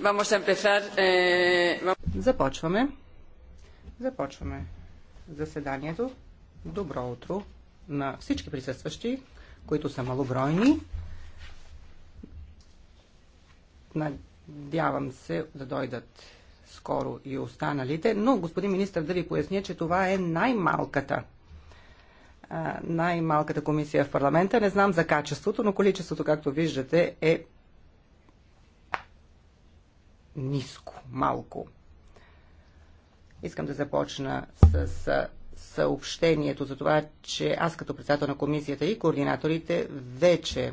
Vamos a empezar. Eh... Започваме. Започваме заседанието. Добро утро на всички присъстващи, които са малобройни. Надявам се да дойдат скоро и останалите, но господин министр да ви поясня, че това е най-малката най-малката комисия в парламента. Не знам за качеството, но количеството, както виждате, е ниско, малко. Искам да започна с съобщението за това, че аз като председател на комисията и координаторите вече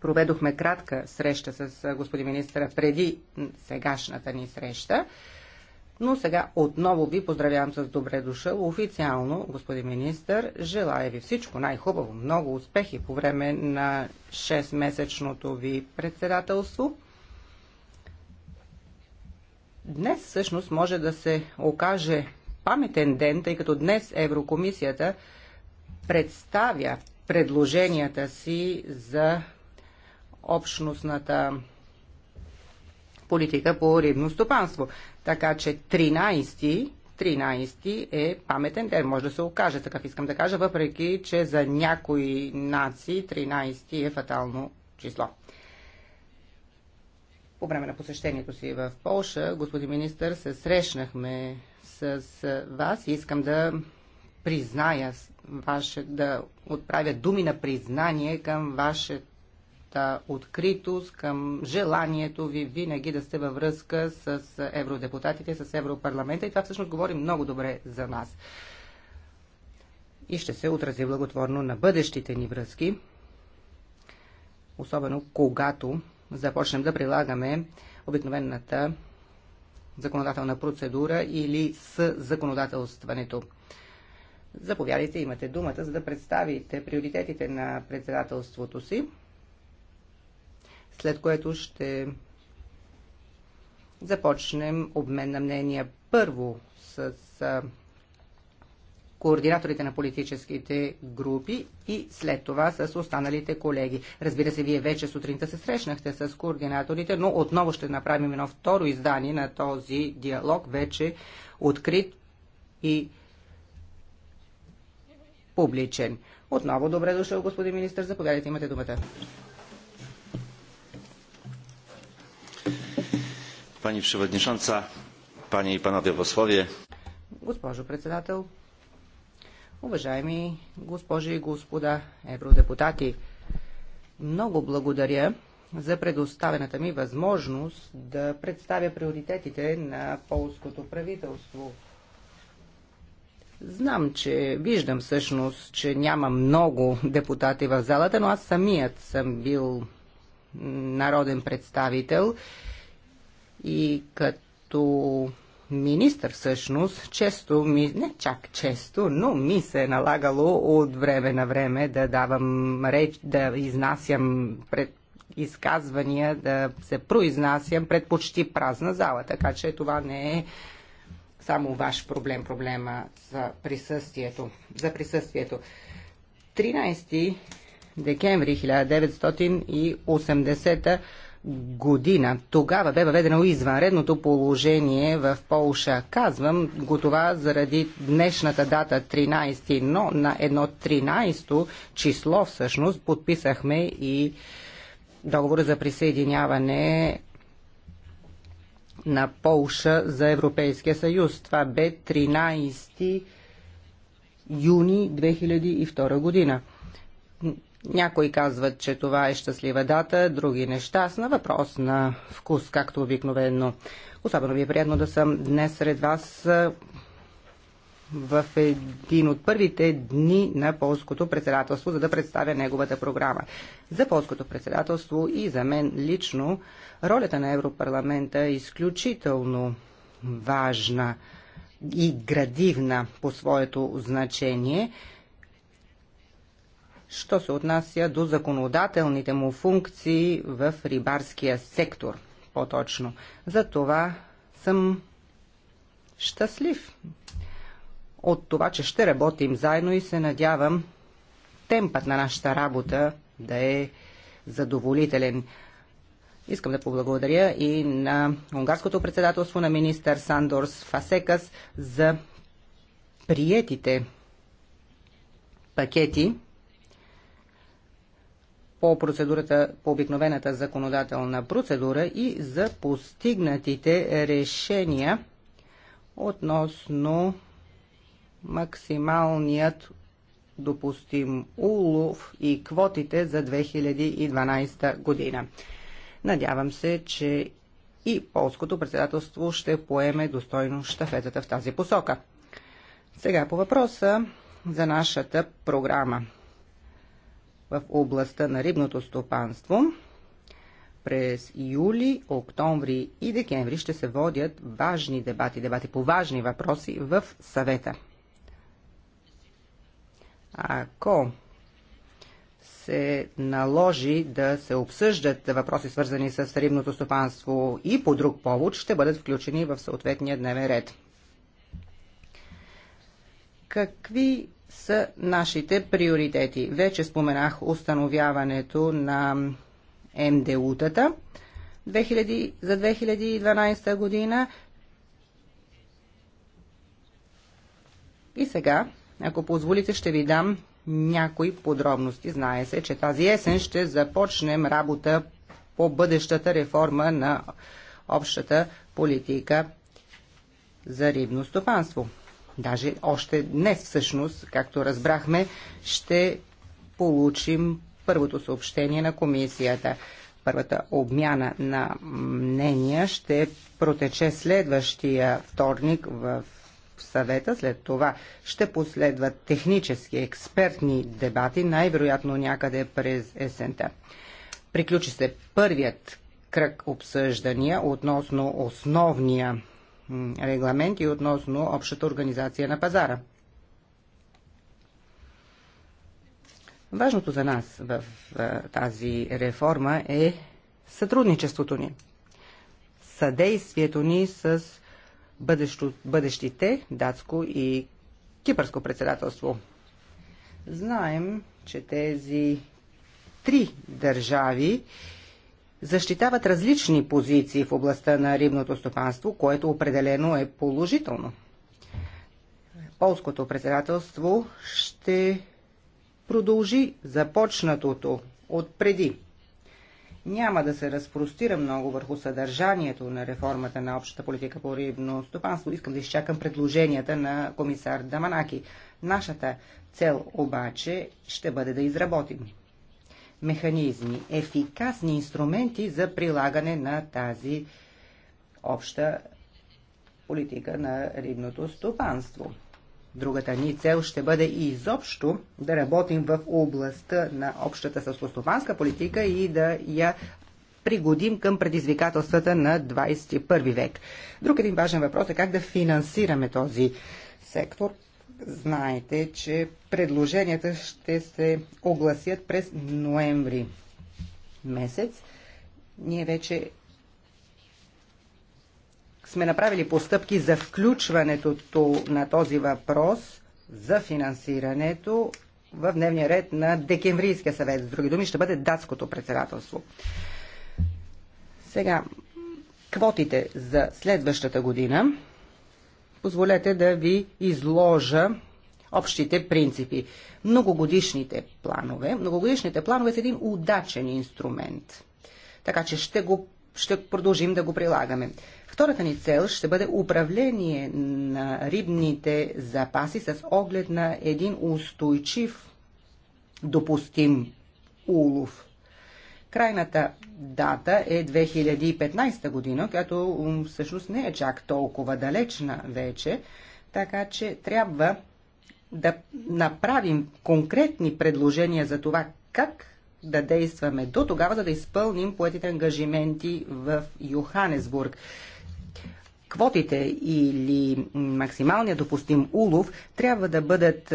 проведохме кратка среща с господин министра преди сегашната ни среща. Но сега отново ви поздравявам с добре дошъл официално, господин министър. Желая ви всичко най-хубаво, много успехи по време на 6-месечното ви председателство. Днес всъщност може да се окаже паметен ден, тъй като днес Еврокомисията представя предложенията си за общностната политика по рибно стопанство. Така че 13 13 е паметен ден. Може да се окаже такъв, искам да кажа, въпреки че за някои нации 13 е фатално число. По време на посещението си в Полша, господин министър, се срещнахме с вас и искам да призная ваше, да отправя думи на признание към вашата откритост, към желанието ви винаги да сте във връзка с евродепутатите, с Европарламента и това всъщност говори много добре за нас. И ще се отрази благотворно на бъдещите ни връзки, особено когато започнем да прилагаме обикновената законодателна процедура или с законодателстването. Заповядайте, имате думата, за да представите приоритетите на председателството си, след което ще започнем обмен на мнения първо с координаторите на политическите групи и след това с останалите колеги. Разбира се, вие вече сутринта се срещнахте с координаторите, но отново ще направим едно второ издание на този диалог, вече открит и публичен. Отново добре дошъл, господин министр. Заповядайте, имате думата. Пани Пшеводнишанца, пани и панове в Госпожо председател, Уважаеми госпожи и господа евродепутати, много благодаря за предоставената ми възможност да представя приоритетите на полското правителство. Знам, че виждам всъщност, че няма много депутати в залата, но аз самият съм бил народен представител и като министър всъщност често ми, не чак често, но ми се е налагало от време на време да давам реч, да изнасям пред изказвания, да се произнасям пред почти празна зала, така че това не е само ваш проблем, проблема за присъствието. За присъствието. 13 декември 1980 година. Тогава бе въведено извънредното положение в Полша. Казвам го това заради днешната дата 13, но на едно 13 число всъщност подписахме и договор за присъединяване на Полша за Европейския съюз. Това бе 13 юни 2002 година. Някои казват, че това е щастлива дата, други нещастна. Въпрос на вкус, както обикновено. Особено ми е приятно да съм днес сред вас в един от първите дни на полското председателство, за да представя неговата програма. За полското председателство и за мен лично ролята на Европарламента е изключително важна и градивна по своето значение – що се отнася до законодателните му функции в рибарския сектор, по-точно. За това съм щастлив от това, че ще работим заедно и се надявам темпът на нашата работа да е задоволителен. Искам да поблагодаря и на унгарското председателство на министър Сандорс Фасекас за приетите пакети по процедурата, по обикновената законодателна процедура и за постигнатите решения относно максималният допустим улов и квотите за 2012 година. Надявам се, че и полското председателство ще поеме достойно штафетата в тази посока. Сега по въпроса за нашата програма в областта на рибното стопанство. През юли, октомври и декември ще се водят важни дебати, дебати по важни въпроси в съвета. Ако се наложи да се обсъждат въпроси свързани с рибното стопанство и по друг повод, ще бъдат включени в съответния дневен ред. Какви са нашите приоритети. Вече споменах установяването на МДУ-тата за 2012 година. И сега, ако позволите, ще ви дам някои подробности. Знае се, че тази есен ще започнем работа по бъдещата реформа на общата политика за рибно стопанство даже още днес всъщност, както разбрахме, ще получим първото съобщение на комисията. Първата обмяна на мнения ще протече следващия вторник в съвета. След това ще последват технически експертни дебати, най-вероятно някъде през есента. Приключи се първият кръг обсъждания относно основния регламенти относно общата организация на пазара. Важното за нас в тази реформа е сътрудничеството ни, съдействието ни с бъдещо, бъдещите датско и кипърско председателство. Знаем, че тези три държави защитават различни позиции в областта на рибното стопанство, което определено е положително. Полското председателство ще продължи започнатото от преди. Няма да се разпростира много върху съдържанието на реформата на общата политика по рибно стопанство. Искам да изчакам предложенията на комисар Даманаки. Нашата цел обаче ще бъде да изработим механизми, ефикасни инструменти за прилагане на тази обща политика на рибното стопанство. Другата ни цел ще бъде и изобщо да работим в областта на общата съскостопанска политика и да я пригодим към предизвикателствата на 21 век. Друг един важен въпрос е как да финансираме този сектор знаете, че предложенията ще се огласят през ноември месец. Ние вече сме направили постъпки за включването на този въпрос за финансирането в дневния ред на Декемврийския съвет. С други думи, ще бъде датското председателство. Сега, квотите за следващата година позволете да ви изложа общите принципи. Многогодишните планове. Многогодишните планове са един удачен инструмент. Така че ще го ще продължим да го прилагаме. Втората ни цел ще бъде управление на рибните запаси с оглед на един устойчив допустим улов. Крайната дата е 2015 година, която всъщност не е чак толкова далечна вече, така че трябва да направим конкретни предложения за това как да действаме до тогава, за да изпълним поетите ангажименти в Йоханесбург. Квотите или максималния допустим улов трябва да бъдат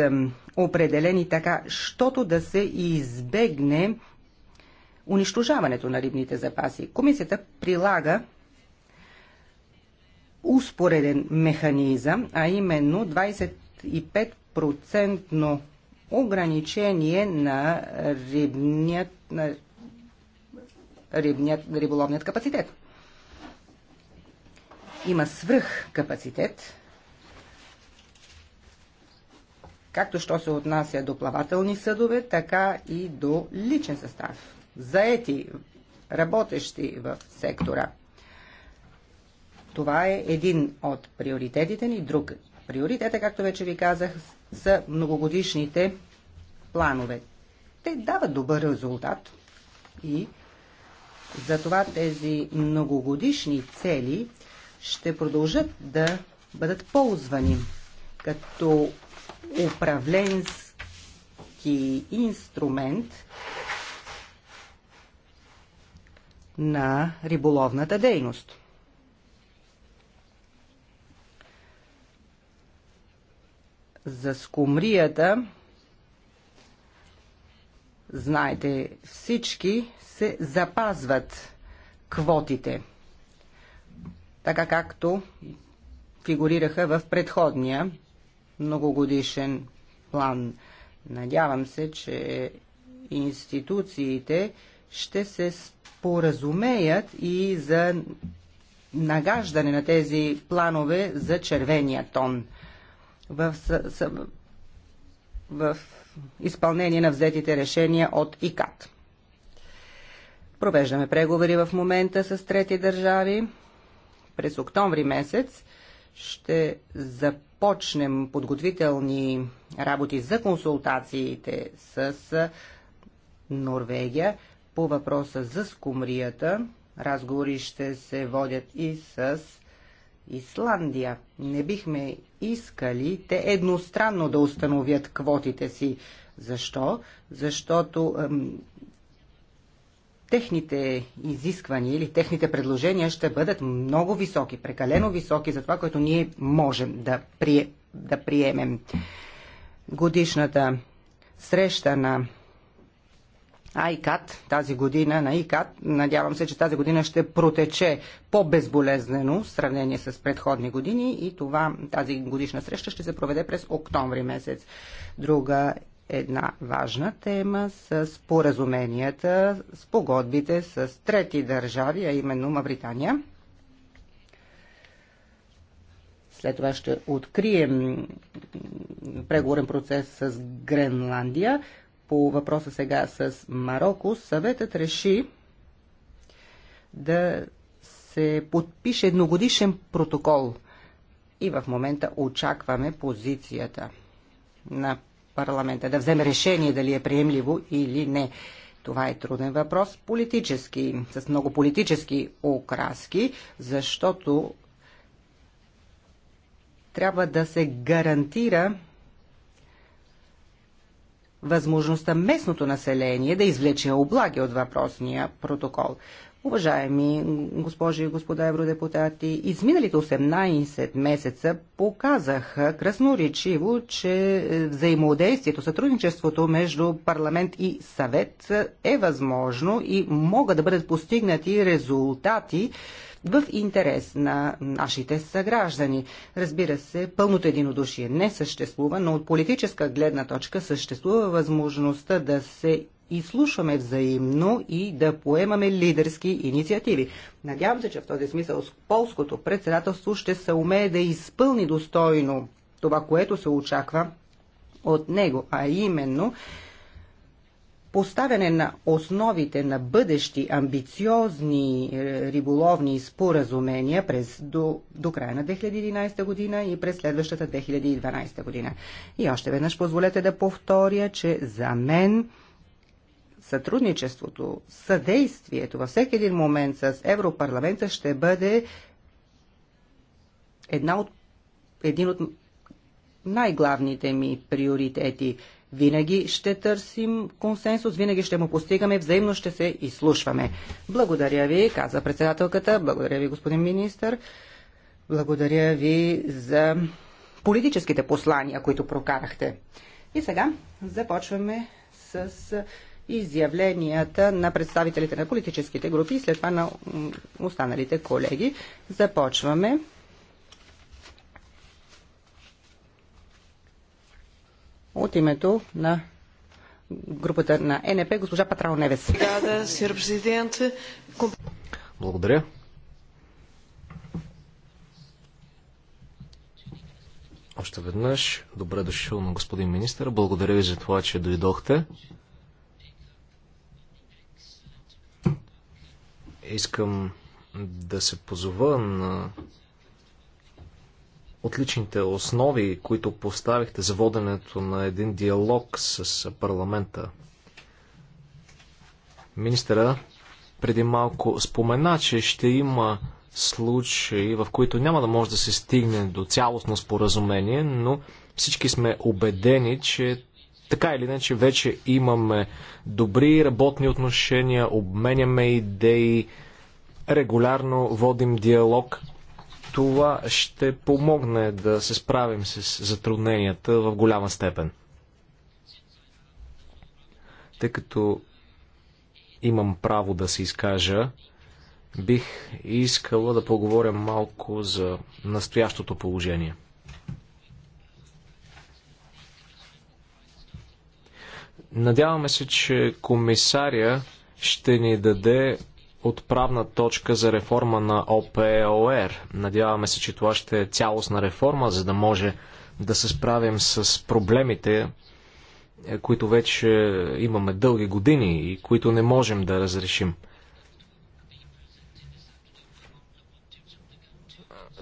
определени така, щото да се избегне унищожаването на рибните запаси. Комисията прилага успореден механизъм, а именно 25% ограничение на, рибният, на рибният, риболовният капацитет. Има свръх капацитет, както що се отнася до плавателни съдове, така и до личен състав заети, работещи в сектора. Това е един от приоритетите ни. Друг приоритета, е, както вече ви казах, са многогодишните планове. Те дават добър резултат и затова тези многогодишни цели ще продължат да бъдат ползвани като управленски инструмент на риболовната дейност. За скумрията, знаете всички, се запазват квотите, така както фигурираха в предходния многогодишен план. Надявам се, че институциите ще се споразумеят и за нагаждане на тези планове за червения тон в, в изпълнение на взетите решения от ИКАТ. Провеждаме преговори в момента с трети държави. През октомври месец ще започнем подготвителни работи за консултациите с Норвегия. По въпроса за скумрията, разговори ще се водят и с Исландия. Не бихме искали те едностранно да установят квотите си. Защо? Защото ем, техните изисквания или техните предложения ще бъдат много високи, прекалено високи за това, което ние можем да, прие, да приемем. Годишната среща на ICAT, тази година на ICAT. Надявам се, че тази година ще протече по-безболезнено в сравнение с предходни години и това, тази годишна среща ще се проведе през октомври месец. Друга една важна тема с поразуменията, с погодбите с трети държави, а именно Мавритания. След това ще открием преговорен процес с Гренландия по въпроса сега с Марокко, съветът реши да се подпише едногодишен протокол и в момента очакваме позицията на парламента да вземе решение дали е приемливо или не. Това е труден въпрос, политически, с много политически окраски, защото трябва да се гарантира възможността местното население да извлече облаги от въпросния протокол. Уважаеми госпожи и господа евродепутати, изминалите 18 месеца показаха красноречиво, че взаимодействието, сътрудничеството между парламент и съвет е възможно и могат да бъдат постигнати резултати, в интерес на нашите съграждани. Разбира се, пълното единодушие не съществува, но от политическа гледна точка съществува възможността да се изслушваме взаимно и да поемаме лидерски инициативи. Надявам се, че в този смисъл полското председателство ще се умее да изпълни достойно това, което се очаква от него, а именно поставяне на основите на бъдещи амбициозни е, риболовни споразумения през до, до края на 2011 година и през следващата 2012 година. И още веднъж позволете да повторя, че за мен сътрудничеството, съдействието във всеки един момент с Европарламента ще бъде една от, един от най-главните ми приоритети – винаги ще търсим консенсус, винаги ще му постигаме, взаимно ще се изслушваме. Благодаря ви, каза председателката, благодаря ви, господин министр, благодаря ви за политическите послания, които прокарахте. И сега започваме с изявленията на представителите на политическите групи и след това на останалите колеги. Започваме. От името на групата на НП, госпожа Патрао Невес. Благодаря. Още веднъж, добре дошъл на господин министър. Благодаря ви за това, че дойдохте. Искам да се позова на отличните основи, които поставихте за воденето на един диалог с парламента. Министъра преди малко спомена, че ще има случаи, в които няма да може да се стигне до цялостно споразумение, но всички сме убедени, че така или иначе вече имаме добри работни отношения, обменяме идеи, регулярно водим диалог – това ще помогне да се справим с затрудненията в голяма степен. Тъй като имам право да се изкажа, бих искала да поговоря малко за настоящото положение. Надяваме се, че комисаря ще ни даде отправна точка за реформа на ОПОР. Надяваме се, че това ще е цялостна реформа, за да може да се справим с проблемите, е, които вече имаме дълги години и които не можем да разрешим.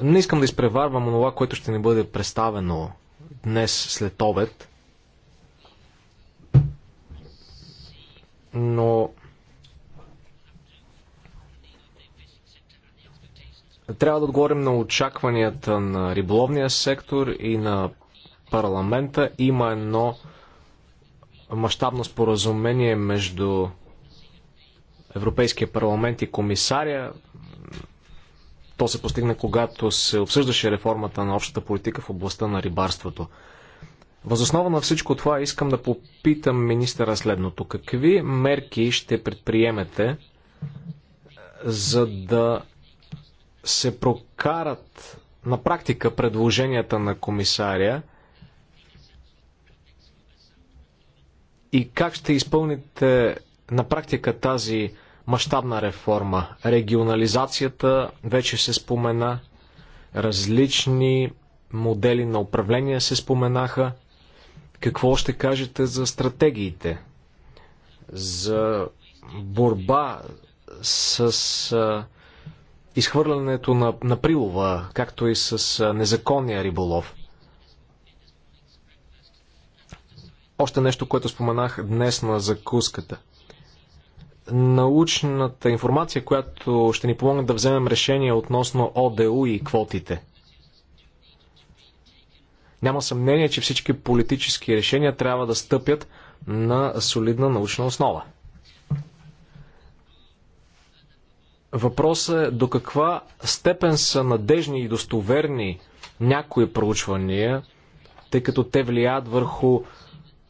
Не искам да изпреварвам онова, което ще ни бъде представено днес след обед, но Трябва да отговорим на очакванията на риболовния сектор и на парламента. Има едно мащабно споразумение между Европейския парламент и комисаря. То се постигна, когато се обсъждаше реформата на общата политика в областта на рибарството. Възоснова на всичко това искам да попитам министъра следното. Какви мерки ще предприемете, за да се прокарат на практика предложенията на комисаря и как ще изпълните на практика тази мащабна реформа? Регионализацията вече се спомена, различни модели на управление се споменаха. Какво ще кажете за стратегиите? За борба с изхвърлянето на, на прилова, както и с незаконния риболов. Още нещо, което споменах днес на закуската. Научната информация, която ще ни помогне да вземем решение относно ОДУ и квотите. Няма съмнение, че всички политически решения трябва да стъпят на солидна научна основа. Въпросът е до каква степен са надежни и достоверни някои проучвания, тъй като те влияят върху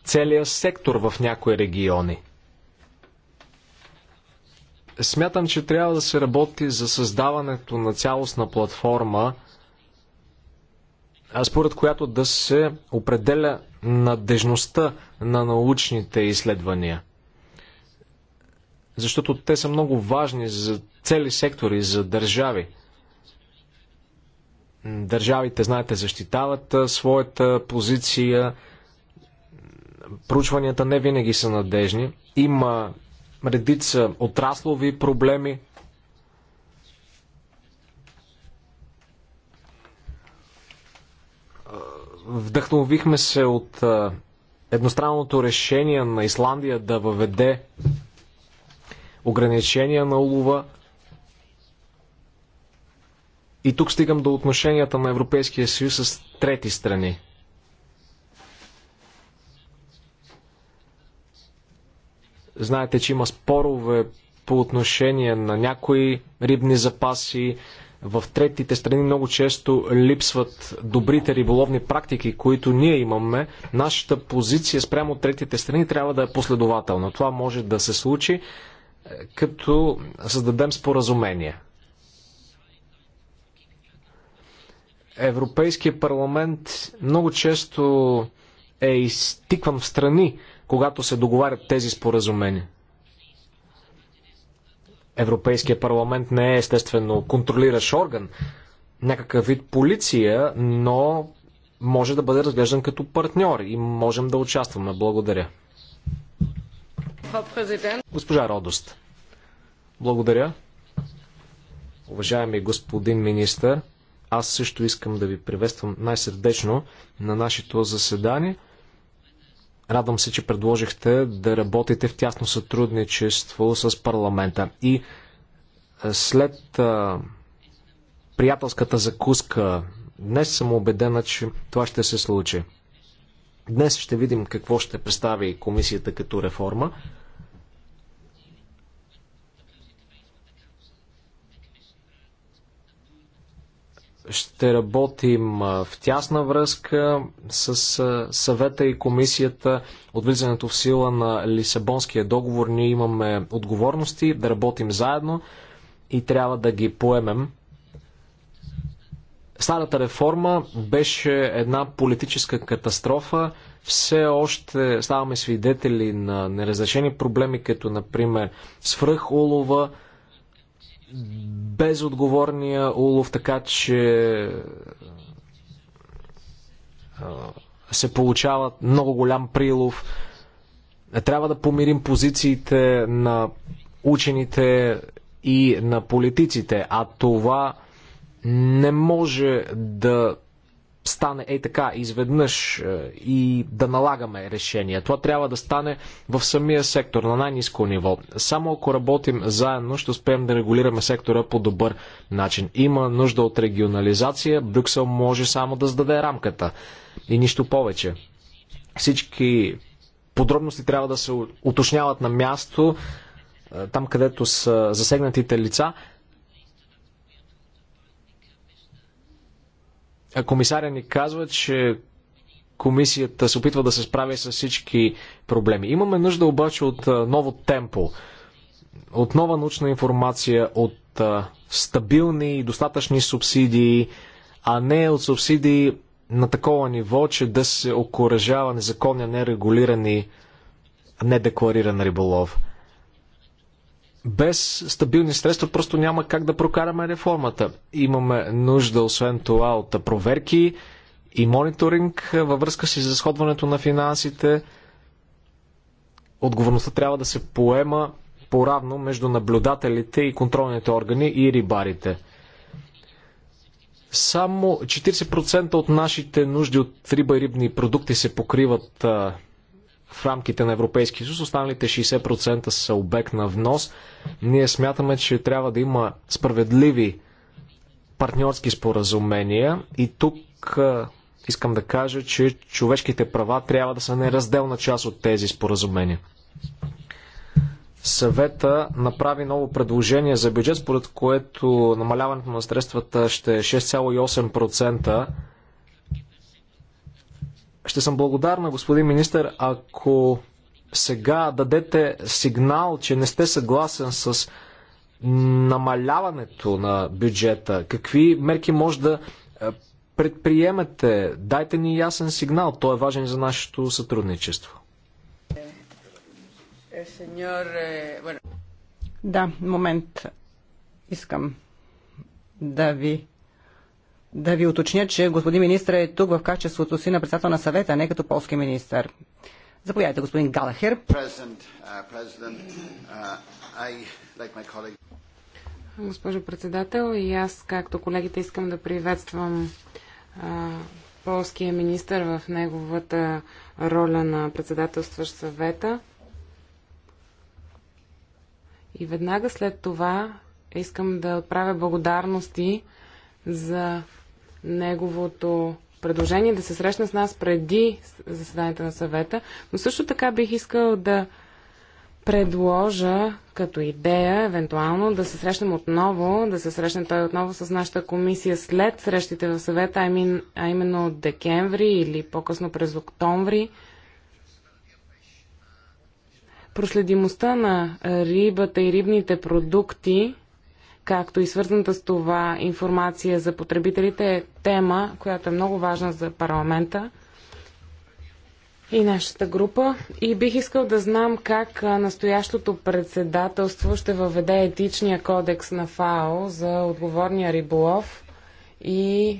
целия сектор в някои региони. Смятам, че трябва да се работи за създаването на цялостна платформа, според която да се определя надежността на научните изследвания. Защото те са много важни за цели сектори, за държави. Държавите, знаете, защитават своята позиция. Проучванията не винаги са надежни. Има редица отраслови проблеми. Вдъхновихме се от едностранното решение на Исландия да въведе ограничения на улова – и тук стигам до отношенията на Европейския съюз с трети страни. Знаете, че има спорове по отношение на някои рибни запаси. В третите страни много често липсват добрите риболовни практики, които ние имаме. Нашата позиция спрямо от третите страни трябва да е последователна. Това може да се случи, е, като създадем споразумение Европейския парламент много често е изтикван в страни, когато се договарят тези споразумения. Европейския парламент не е естествено контролиращ орган, някакъв вид полиция, но може да бъде разглеждан като партньор и можем да участваме. Благодаря. Госпожа Родост. Благодаря. Уважаеми господин министър, аз също искам да ви приветствам най-сърдечно на нашето заседание. Радвам се, че предложихте да работите в тясно сътрудничество с парламента. И е, след а, е, приятелската закуска, днес съм убедена, че това ще се случи. Днес ще видим какво ще представи комисията като реформа. Ще работим в тясна връзка с съвета и комисията. От влизането в сила на Лисабонския договор ние имаме отговорности да работим заедно и трябва да ги поемем. Старата реформа беше една политическа катастрофа. Все още ставаме свидетели на неразрешени проблеми, като например свръхулова, безотговорния улов, така че се получава много голям прилов. Трябва да помирим позициите на учените и на политиците, а това не може да стане ей така изведнъж е, и да налагаме решения. Това трябва да стане в самия сектор, на най-низко ниво. Само ако работим заедно, ще успеем да регулираме сектора по добър начин. Има нужда от регионализация. Брюксел може само да зададе рамката. И нищо повече. Всички подробности трябва да се уточняват на място, е, там където са засегнатите лица. комисаря ни казва, че комисията се опитва да се справи с всички проблеми. Имаме нужда обаче от ново темпо, от нова научна информация, от стабилни и достатъчни субсидии, а не от субсидии на такова ниво, че да се окоръжава незаконния, нерегулиран и недеклариран риболов без стабилни средства просто няма как да прокараме реформата. Имаме нужда, освен това, от проверки и мониторинг във връзка с изразходването на финансите. Отговорността трябва да се поема поравно между наблюдателите и контролните органи и рибарите. Само 40% от нашите нужди от риба и рибни продукти се покриват в рамките на Европейския съюз. Останалите 60% са обект на внос. Ние смятаме, че трябва да има справедливи партньорски споразумения и тук искам да кажа, че човешките права трябва да са неразделна част от тези споразумения. Съвета направи ново предложение за бюджет, според което намаляването на средствата ще е 6,8% ще съм благодарна, господин министр, ако сега дадете сигнал, че не сте съгласен с намаляването на бюджета. Какви мерки може да е, предприемете? Дайте ни ясен сигнал. Той е важен за нашето сътрудничество. Е, да, момент. Искам да ви да ви уточня, че господин министър е тук в качеството си на председател на съвета, не като полски министър. Заповядайте, господин Галахер. Uh, uh, Госпожо председател, и аз, както колегите, искам да приветствам а, полския министър в неговата роля на председателстващ съвета. И веднага след това искам да отправя благодарности за неговото предложение да се срещне с нас преди заседанието на съвета, но също така бих искал да предложа като идея, евентуално, да се срещнем отново, да се срещне той отново с нашата комисия след срещите в съвета, а, именно, а именно от декември или по-късно през октомври. Проследимостта на рибата и рибните продукти – както и свързаната с това информация за потребителите е тема, която е много важна за парламента и нашата група. И бих искал да знам как настоящото председателство ще въведе етичния кодекс на ФАО за отговорния риболов и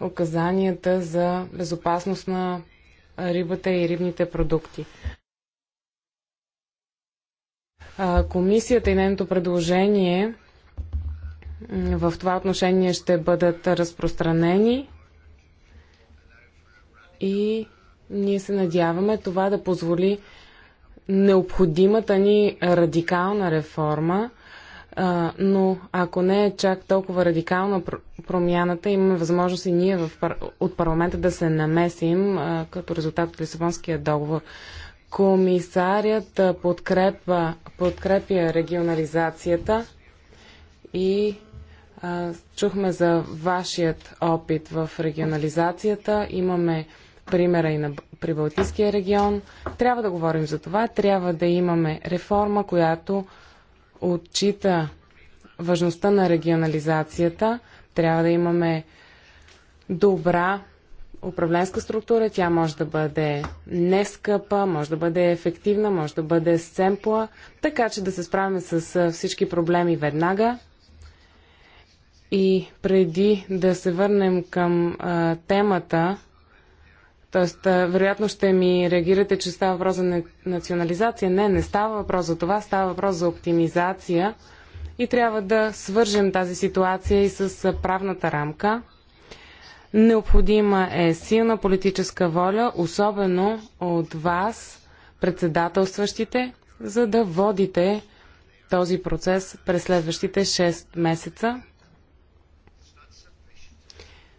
указанията за безопасност на рибата и рибните продукти комисията и нейното предложение в това отношение ще бъдат разпространени и ние се надяваме това да позволи необходимата ни радикална реформа, но ако не е чак толкова радикална промяната, имаме възможност и ние от парламента да се намесим като резултат от Лисабонския договор. Комисарят подкрепа, подкрепя регионализацията и а, чухме за вашият опит в регионализацията. Имаме примера и на Прибалтийския регион. Трябва да говорим за това. Трябва да имаме реформа, която отчита важността на регионализацията. Трябва да имаме добра управленска структура. Тя може да бъде нескъпа, може да бъде ефективна, може да бъде семпла, така че да се справим с всички проблеми веднага. И преди да се върнем към а, темата, т.е. вероятно ще ми реагирате, че става въпрос за национализация. Не, не става въпрос за това, става въпрос за оптимизация и трябва да свържем тази ситуация и с правната рамка. Необходима е силна политическа воля, особено от вас, председателстващите, за да водите този процес през следващите 6 месеца.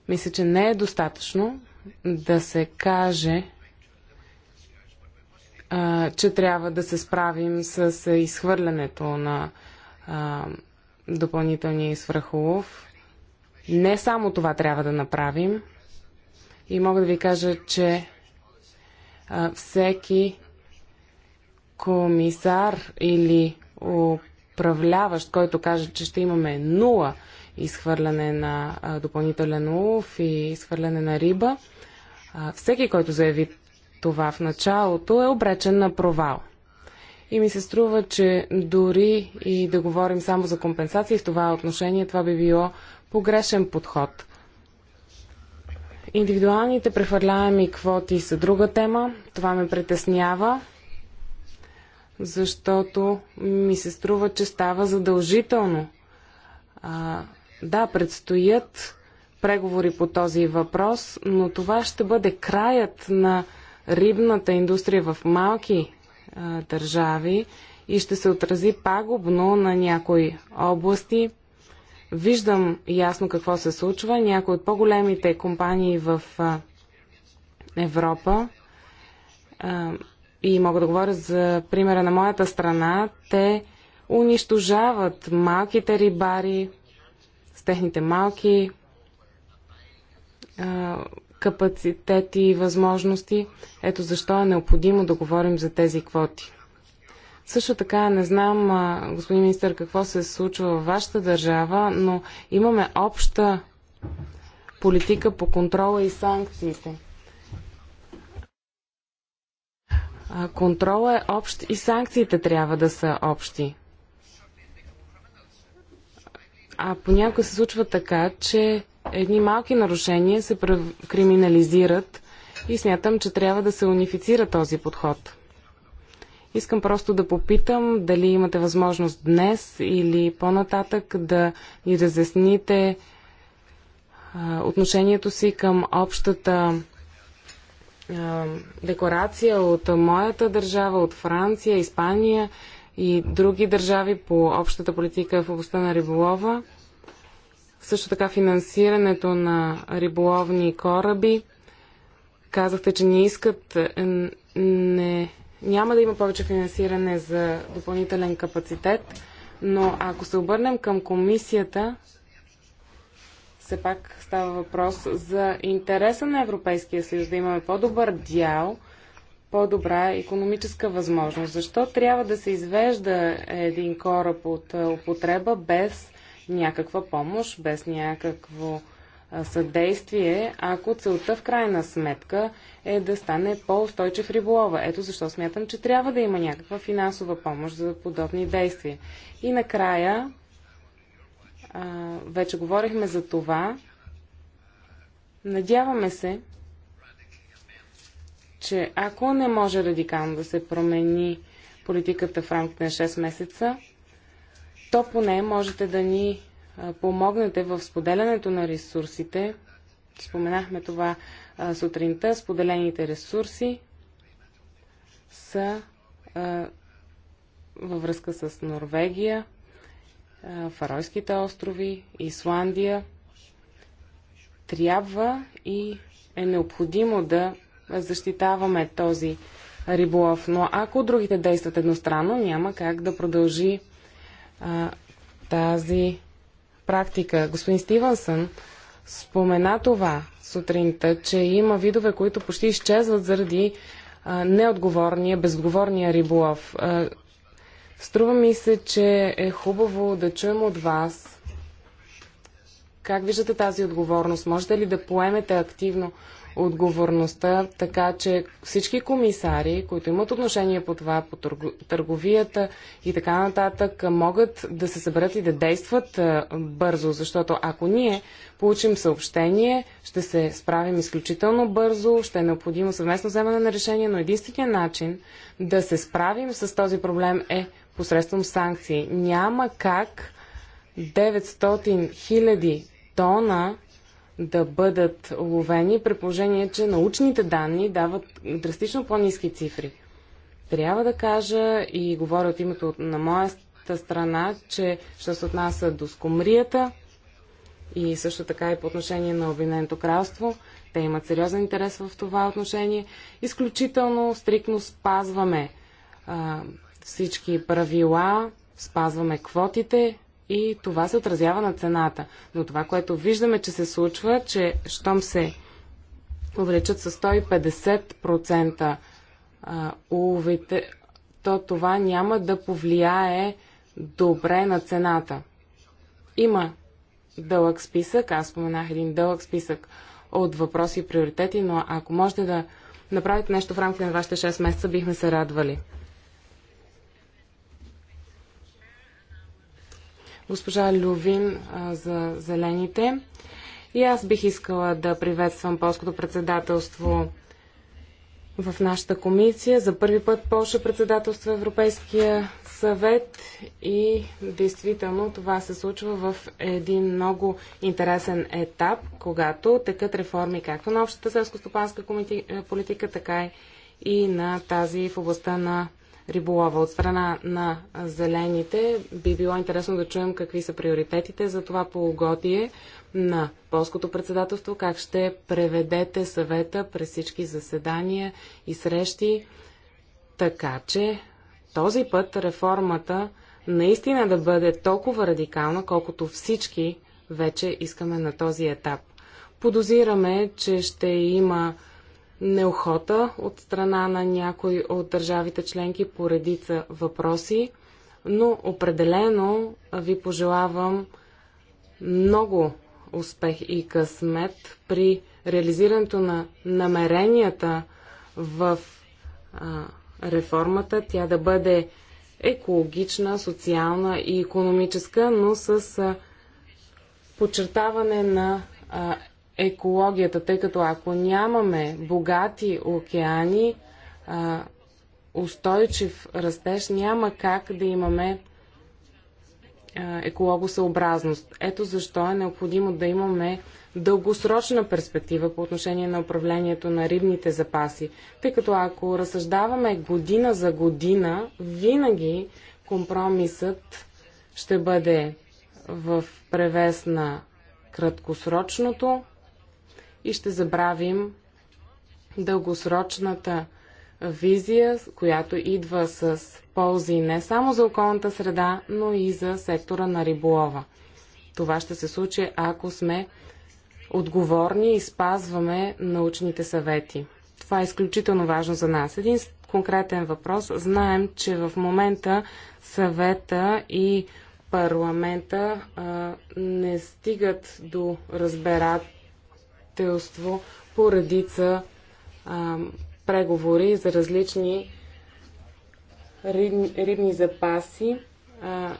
Мисля, че не е достатъчно да се каже, а, че трябва да се справим с изхвърлянето на а, допълнителния свръхолов не само това трябва да направим. И мога да ви кажа, че а, всеки комисар или управляващ, който каже, че ще имаме нула изхвърляне на а, допълнителен улов и изхвърляне на риба, а, всеки, който заяви това в началото, е обречен на провал. И ми се струва, че дори и да говорим само за компенсации в това отношение, това би било погрешен подход. Индивидуалните прехвърляеми квоти са друга тема. Това ме притеснява, защото ми се струва, че става задължително. А, да, предстоят преговори по този въпрос, но това ще бъде краят на рибната индустрия в малки а, държави и ще се отрази пагубно на някои области, Виждам ясно какво се случва. Някои от по-големите компании в Европа и мога да говоря за примера на моята страна, те унищожават малките рибари с техните малки капацитети и възможности. Ето защо е необходимо да говорим за тези квоти. Също така не знам, господин министър, какво се случва във вашата държава, но имаме обща политика по контрола и санкциите. Контрола е общ и санкциите трябва да са общи. А понякога се случва така, че едни малки нарушения се криминализират и смятам, че трябва да се унифицира този подход. Искам просто да попитам дали имате възможност днес или по-нататък да ни разясните отношението си към общата декларация от моята държава, от Франция, Испания и други държави по общата политика в областта на риболова. Също така финансирането на риболовни кораби. Казахте, че не искат, не няма да има повече финансиране за допълнителен капацитет, но ако се обърнем към комисията, все пак става въпрос за интереса на Европейския съюз, да имаме по-добър дял, по-добра економическа възможност. Защо трябва да се извежда един кораб от е, употреба без някаква помощ, без някакво съдействие, ако целта в крайна сметка е да стане по-устойчив риболова. Ето защо смятам, че трябва да има някаква финансова помощ за подобни действия. И накрая, вече говорихме за това, надяваме се, че ако не може радикално да се промени политиката в рамките на 6 месеца, то поне можете да ни помогнете в споделянето на ресурсите. Споменахме това сутринта. Споделените ресурси са във връзка с Норвегия, Фаройските острови, Исландия. Трябва и е необходимо да защитаваме този риболов. Но ако другите действат едностранно, няма как да продължи а, тази практика. Господин Стивенсън спомена това сутринта, че има видове, които почти изчезват заради а, неотговорния, безговорния риболов. А, струва ми се, че е хубаво да чуем от вас как виждате тази отговорност. Можете ли да поемете активно отговорността, така че всички комисари, които имат отношение по това, по търговията и така нататък, могат да се съберат и да действат бързо, защото ако ние получим съобщение, ще се справим изключително бързо, ще е необходимо съвместно вземане на решение, но единственият начин да се справим с този проблем е посредством санкции. Няма как 900 хиляди тона да бъдат ловени, при положение, че научните данни дават драстично по-низки цифри. Трябва да кажа и говоря от името на моята страна, че ще се отнася до скумрията и също така и по отношение на Обвиненото кралство. Те имат сериозен интерес в това отношение. Изключително стриктно спазваме а, всички правила, спазваме квотите, и това се отразява на цената. Но това, което виждаме, че се случва, че щом се увеличат с 150% уловите, то това няма да повлияе добре на цената. Има дълъг списък, аз споменах един дълъг списък от въпроси и приоритети, но ако можете да направите нещо в рамките на вашите 6 месеца, бихме се радвали. госпожа Лювин а, за зелените. И аз бих искала да приветствам полското председателство в нашата комисия. За първи път Полша председателства Европейския съвет и действително това се случва в един много интересен етап, когато текат реформи както на общата селско-стопанска е, политика, така и на тази в областта на риболова. От страна на зелените би било интересно да чуем какви са приоритетите за това полугодие на полското председателство, как ще преведете съвета през всички заседания и срещи, така че този път реформата наистина да бъде толкова радикална, колкото всички вече искаме на този етап. Подозираме, че ще има неохота от страна на някои от държавите членки по редица въпроси, но определено ви пожелавам много успех и късмет при реализирането на намеренията в а, реформата, тя да бъде екологична, социална и економическа, но с а, подчертаване на а, екологията, тъй като ако нямаме богати океани, а, устойчив растеж, няма как да имаме а, екологосъобразност. Ето защо е необходимо да имаме дългосрочна перспектива по отношение на управлението на рибните запаси, тъй като ако разсъждаваме година за година, винаги компромисът ще бъде в превес на краткосрочното и ще забравим дългосрочната визия, която идва с ползи не само за околната среда, но и за сектора на риболова. Това ще се случи, ако сме отговорни и спазваме научните съвети. Това е изключително важно за нас. Един конкретен въпрос. Знаем, че в момента съвета и парламента а, не стигат до разбират, правителство по редица а, преговори за различни риб, рибни запаси. А,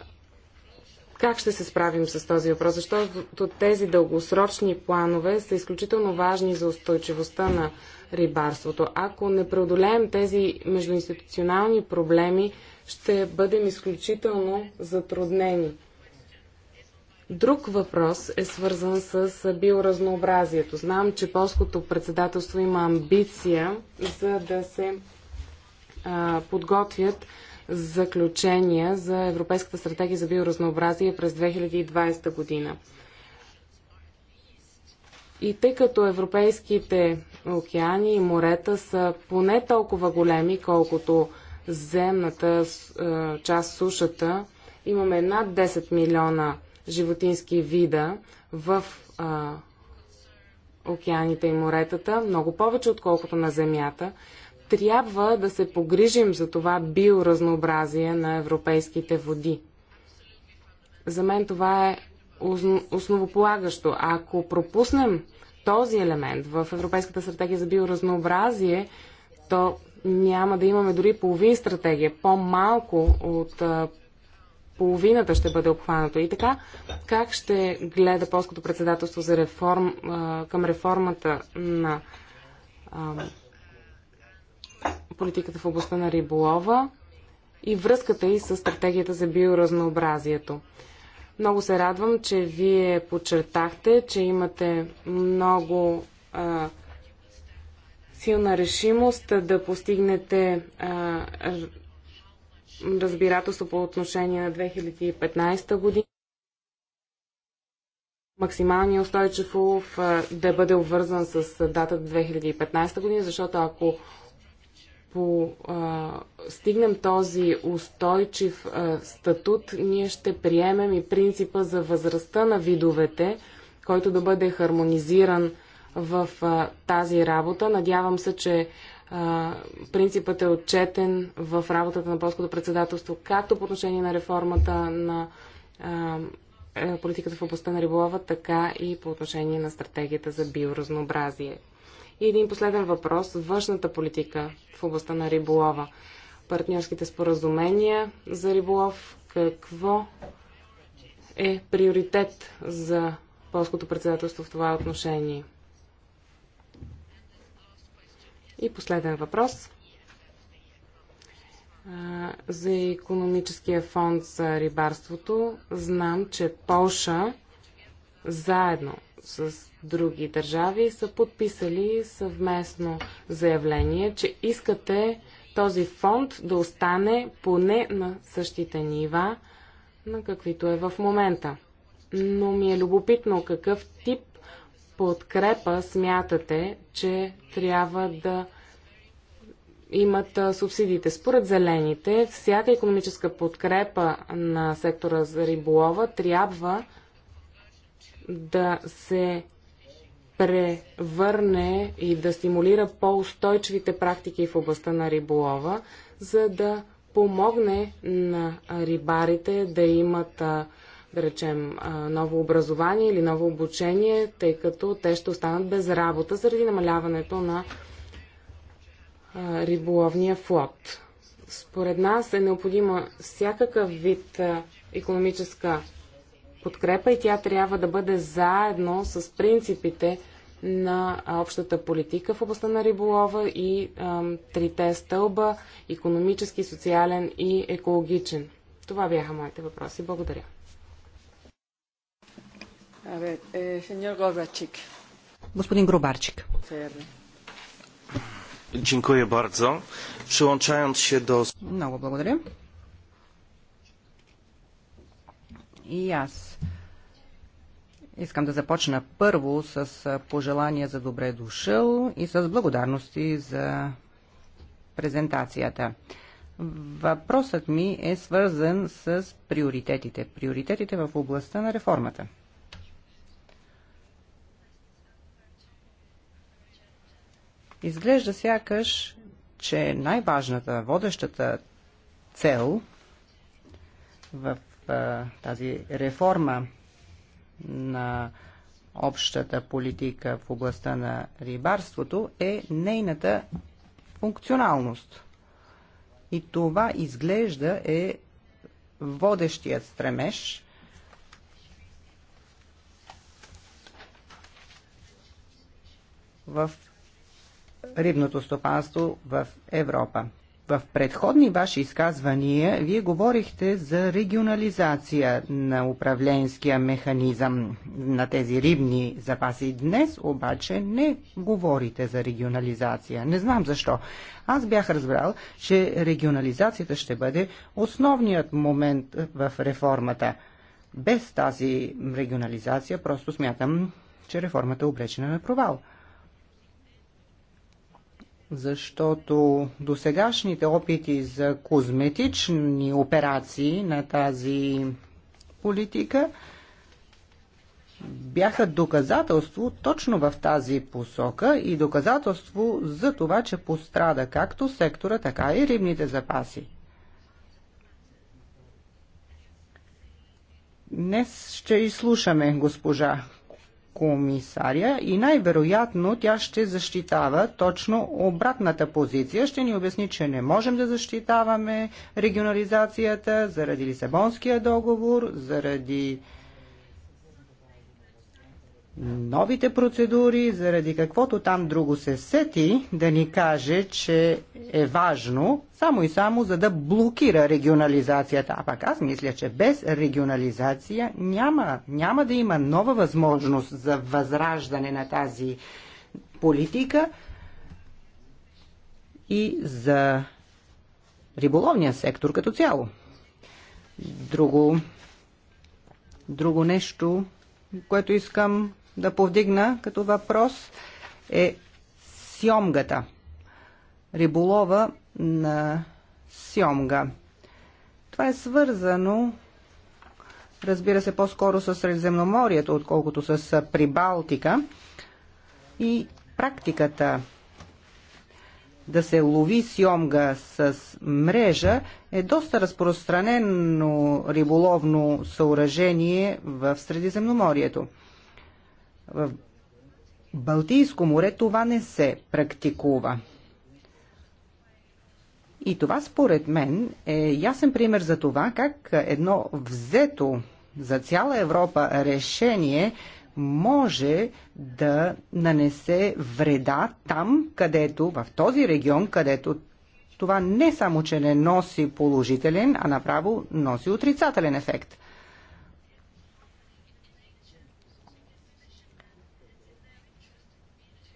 как ще се справим с този въпрос? Защото тези дългосрочни планове са изключително важни за устойчивостта на рибарството. Ако не преодолеем тези междуинституционални проблеми, ще бъдем изключително затруднени. Друг въпрос е свързан с биоразнообразието. Знам, че полското председателство има амбиция за да се а, подготвят заключения за Европейската стратегия за биоразнообразие през 2020 година. И тъй като европейските океани и морета са поне толкова големи, колкото земната а, част, сушата, имаме над 10 милиона животински вида в а, океаните и моретата, много повече отколкото на Земята. Трябва да се погрижим за това биоразнообразие на европейските води. За мен това е основополагащо. Ако пропуснем този елемент в Европейската стратегия за биоразнообразие, то няма да имаме дори половин стратегия, по-малко от половината ще бъде обхванато. И така, как ще гледа полското председателство за реформ, а, към реформата на а, политиката в областта на риболова и връзката и с стратегията за биоразнообразието? Много се радвам, че вие подчертахте, че имате много а, силна решимост да постигнете а, разбирателство по отношение на 2015 година. Максималният устойчив улов да бъде обвързан с дата 2015 година, защото ако по, а, стигнем този устойчив а, статут, ние ще приемем и принципа за възрастта на видовете, който да бъде хармонизиран в а, тази работа. Надявам се, че принципът е отчетен в работата на полското председателство, както по отношение на реформата на е, политиката в областта на риболова, така и по отношение на стратегията за биоразнообразие. И един последен въпрос. Външната политика в областта на риболова. Партньорските споразумения за риболов. Какво е приоритет за полското председателство в това отношение? И последен въпрос. За економическия фонд за рибарството знам, че Полша заедно с други държави са подписали съвместно заявление, че искате този фонд да остане поне на същите нива, на каквито е в момента. Но ми е любопитно какъв тип подкрепа смятате, че трябва да имат субсидиите. Според зелените, всяка економическа подкрепа на сектора за риболова трябва да се превърне и да стимулира по-устойчивите практики в областта на риболова, за да помогне на рибарите да имат да речем, ново образование или ново обучение, тъй като те ще останат без работа заради намаляването на риболовния флот. Според нас е необходима всякакъв вид економическа подкрепа и тя трябва да бъде заедно с принципите на общата политика в областта на риболова и ам, трите стълба економически, социален и екологичен. Това бяха моите въпроси. Благодаря. Eh, Господин Гробарчик. Dziękuję bardzo. Przyłączając się do... Много благодаря. И аз искам да започна първо с пожелания за добре дошъл и с благодарности за презентацията. Въпросът ми е свързан с приоритетите. Приоритетите в областта на реформата. Изглежда сякаш, че най-важната, водещата цел в а, тази реформа на общата политика в областта на рибарството е нейната функционалност. И това изглежда е водещият стремеж в рибното стопанство в Европа. В предходни ваши изказвания вие говорихте за регионализация на управленския механизъм на тези рибни запаси. Днес обаче не говорите за регионализация. Не знам защо. Аз бях разбрал, че регионализацията ще бъде основният момент в реформата. Без тази регионализация просто смятам, че реформата е обречена на провал защото досегашните опити за козметични операции на тази политика бяха доказателство точно в тази посока и доказателство за това, че пострада както сектора, така и рибните запаси. Днес ще изслушаме госпожа комисаря и най-вероятно тя ще защитава точно обратната позиция. Ще ни обясни, че не можем да защитаваме регионализацията заради Лисабонския договор, заради новите процедури, заради каквото там друго се сети, да ни каже, че е важно само и само за да блокира регионализацията. А пък аз мисля, че без регионализация няма, няма да има нова възможност за възраждане на тази политика и за риболовния сектор като цяло. Друго, друго нещо, което искам да повдигна като въпрос е сьомгата. Риболова на сьомга. Това е свързано, разбира се, по-скоро с Средиземноморието, отколкото с Прибалтика. И практиката да се лови сьомга с мрежа е доста разпространено риболовно съоръжение в Средиземноморието. В Балтийско море това не се практикува. И това според мен е ясен пример за това как едно взето за цяла Европа решение може да нанесе вреда там, където, в този регион, където това не само, че не носи положителен, а направо носи отрицателен ефект.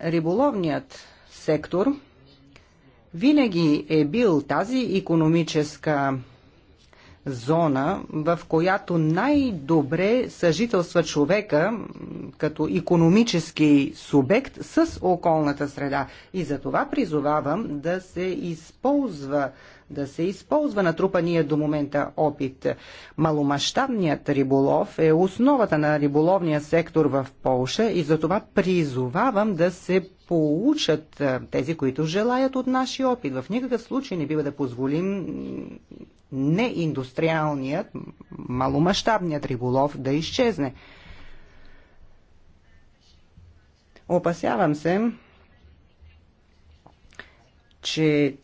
риболовният сектор винаги е бил тази економическа зона, в която най-добре съжителства човека като економически субект с околната среда. И за това призовавам да се използва да се използва натрупания до момента опит. Маломащабният риболов е основата на риболовния сектор в Полша и затова призовавам да се получат е, тези, които желаят от нашия опит. В никакъв случай не бива да позволим неиндустриалният, маломащабният риболов да изчезне. Опасявам се, че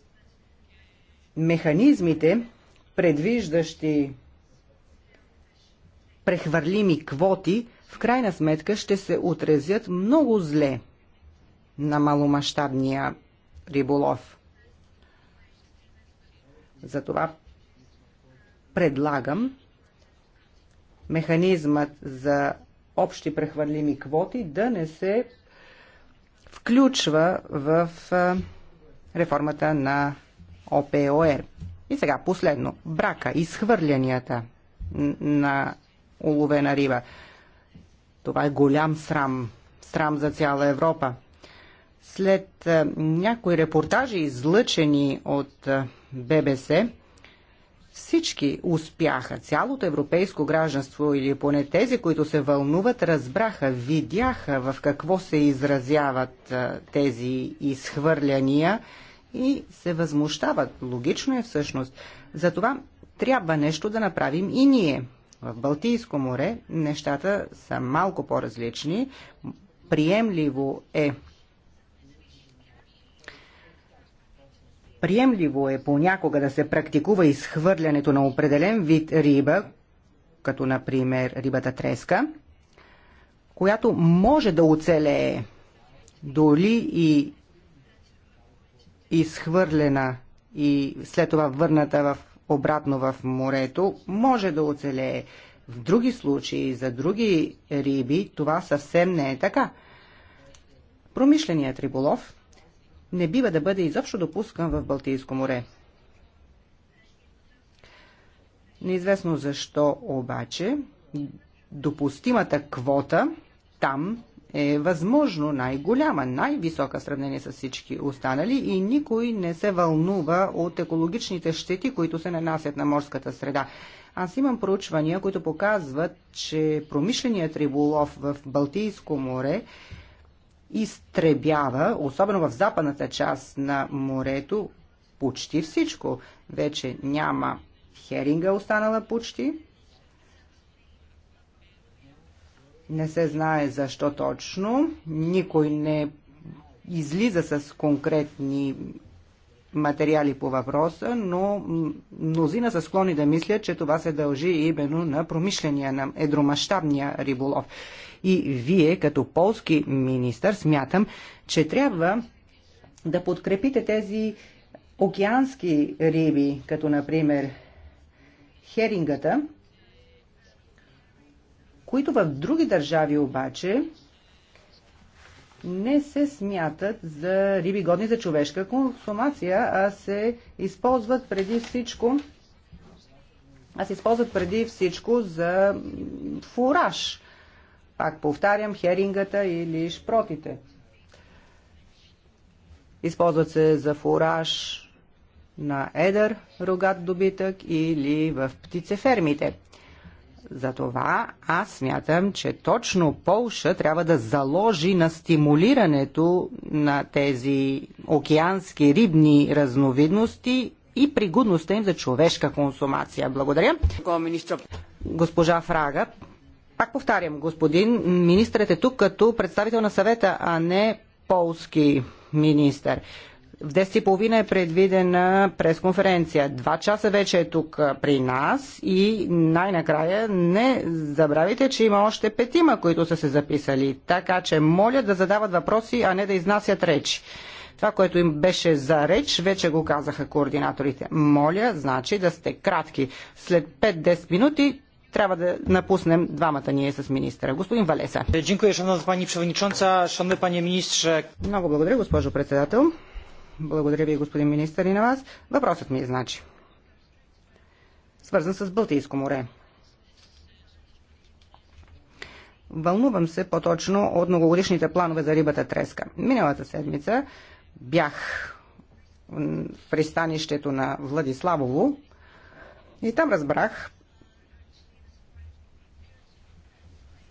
механизмите, предвиждащи прехвърлими квоти, в крайна сметка ще се отразят много зле на маломащабния риболов. Затова предлагам механизмът за общи прехвърлими квоти да не се включва в реформата на ОПОР. И сега последно. Брака, изхвърлянията на уловена риба. Това е голям срам. Срам за цяла Европа. След е, някои репортажи, излъчени от е, ББС, всички успяха. Цялото европейско гражданство или поне тези, които се вълнуват, разбраха, видяха в какво се изразяват е, тези изхвърляния и се възмущават. Логично е всъщност. Затова трябва нещо да направим и ние. В Балтийско море нещата са малко по-различни. Приемливо е Приемливо е понякога да се практикува изхвърлянето на определен вид риба, като например рибата треска, която може да оцелее. Доли и изхвърлена и след това върната в, обратно в морето, може да оцелее. В други случаи, за други риби, това съвсем не е така. Промишленият риболов не бива да бъде изобщо допускан в Балтийско море. Неизвестно защо обаче допустимата квота там е възможно най-голяма, най-висока сравнение с всички останали и никой не се вълнува от екологичните щети, които се нанасят на морската среда. Аз имам проучвания, които показват, че промишленият риболов в Балтийско море изтребява, особено в западната част на морето, почти всичко. Вече няма херинга останала почти, Не се знае защо точно. Никой не излиза с конкретни материали по въпроса, но мнозина са склони да мислят, че това се дължи именно на промишления, на едромащабния риболов. И вие, като полски министър, смятам, че трябва да подкрепите тези океански риби, като например херингата, които в други държави обаче не се смятат за риби годни за човешка консумация, а се използват преди всичко а се използват преди всичко за фураж. Пак повтарям, херингата или шпротите. Използват се за фураж на едър рогат добитък или в птицефермите. Затова аз смятам, че точно Полша трябва да заложи на стимулирането на тези океански рибни разновидности и пригодността им за човешка консумация. Благодаря. Госпожа Фрага, пак повтарям, господин министрът е тук като представител на съвета, а не полски министър. В 10.30 е предвидена пресконференция. Два часа вече е тук при нас и най-накрая не забравяйте, че има още петима, които са се записали. Така че моля да задават въпроси, а не да изнасят речи. Това, което им беше за реч, вече го казаха координаторите. Моля, значи да сте кратки. След 5-10 минути трябва да напуснем двамата ние с министра. Господин Валеса. Много благодаря, госпожо председател. Благодаря ви, господин министър, и на вас. Въпросът ми е, значи, свързан с Балтийско море. Вълнувам се по-точно от многогодишните планове за рибата треска. Миналата седмица бях в пристанището на Владиславово и там разбрах,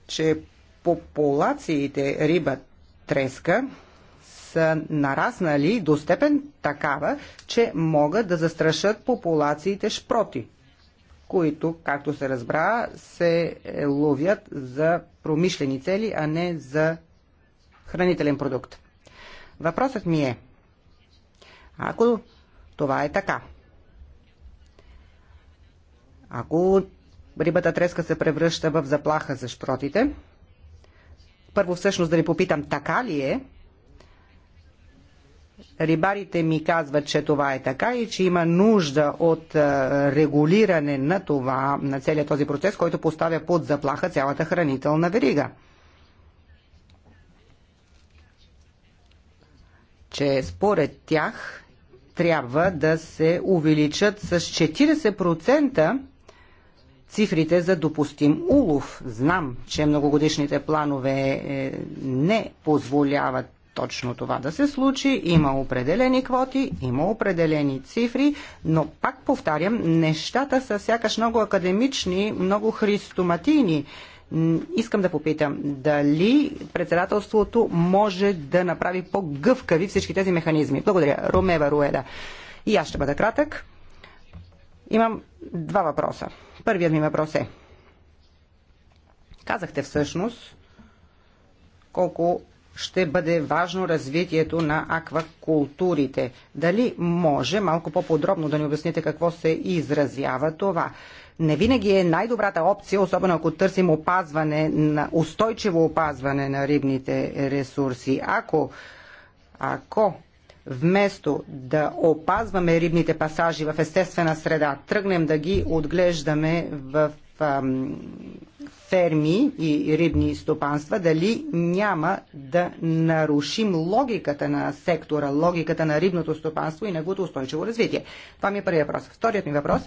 че популациите риба треска са нараснали до степен такава, че могат да застрашат популациите шпроти, които, както се разбра, се ловят за промишлени цели, а не за хранителен продукт. Въпросът ми е, ако това е така, ако рибата треска се превръща в заплаха за шпротите, първо всъщност да ви попитам, така ли е? Рибарите ми казват, че това е така и че има нужда от е, регулиране на това, на целият този процес, който поставя под заплаха цялата хранителна верига. Че според тях трябва да се увеличат с 40% цифрите за допустим улов. Знам, че многогодишните планове е, не позволяват точно това да се случи. Има определени квоти, има определени цифри, но пак повтарям, нещата са сякаш много академични, много христоматийни. Искам да попитам, дали председателството може да направи по-гъвкави всички тези механизми? Благодаря. Ромева Руеда. И аз ще бъда кратък. Имам два въпроса. Първият ми въпрос е. Казахте всъщност колко ще бъде важно развитието на аквакултурите. Дали може малко по-подробно да ни обясните какво се изразява това? Не винаги е най-добрата опция, особено ако търсим опазване на, устойчиво опазване на рибните ресурси. Ако, ако вместо да опазваме рибните пасажи в естествена среда, тръгнем да ги отглеждаме в ам, ферми и рибни стопанства, дали няма да нарушим логиката на сектора, логиката на рибното стопанство и неговото устойчиво развитие. Това ми е първият въпрос. Вторият ми въпрос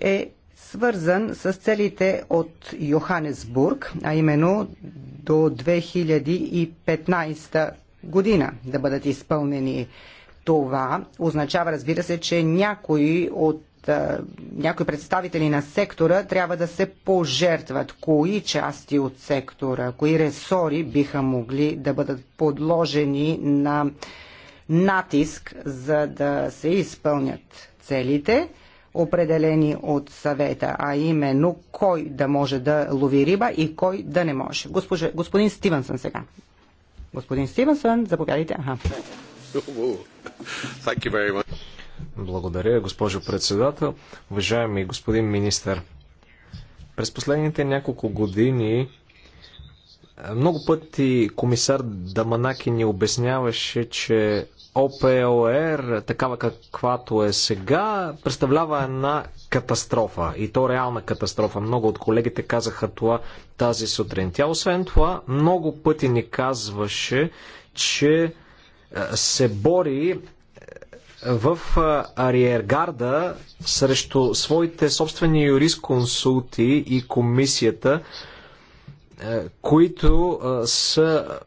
е свързан с целите от Йоханесбург, а именно до 2015 година да бъдат изпълнени. Това означава, разбира се, че някои от е, някои представители на сектора трябва да се пожертват. Кои части от сектора, кои ресори биха могли да бъдат подложени на натиск, за да се изпълнят целите, определени от съвета, а именно кой да може да лови риба и кой да не може. Госпожа, господин Стивенсън сега. Господин Стивенсън, заповядайте. Аха. Благодаря, госпожо председател. Уважаеми господин министър, през последните няколко години е, много пъти комисар Даманаки ни обясняваше, че ОПОР, такава каквато е сега, представлява една катастрофа. И то реална катастрофа. Много от колегите казаха това тази сутрин. Тя освен това много пъти ни казваше, че е, се бори в Ариергарда срещу своите собствени юрисконсулти и комисията, които са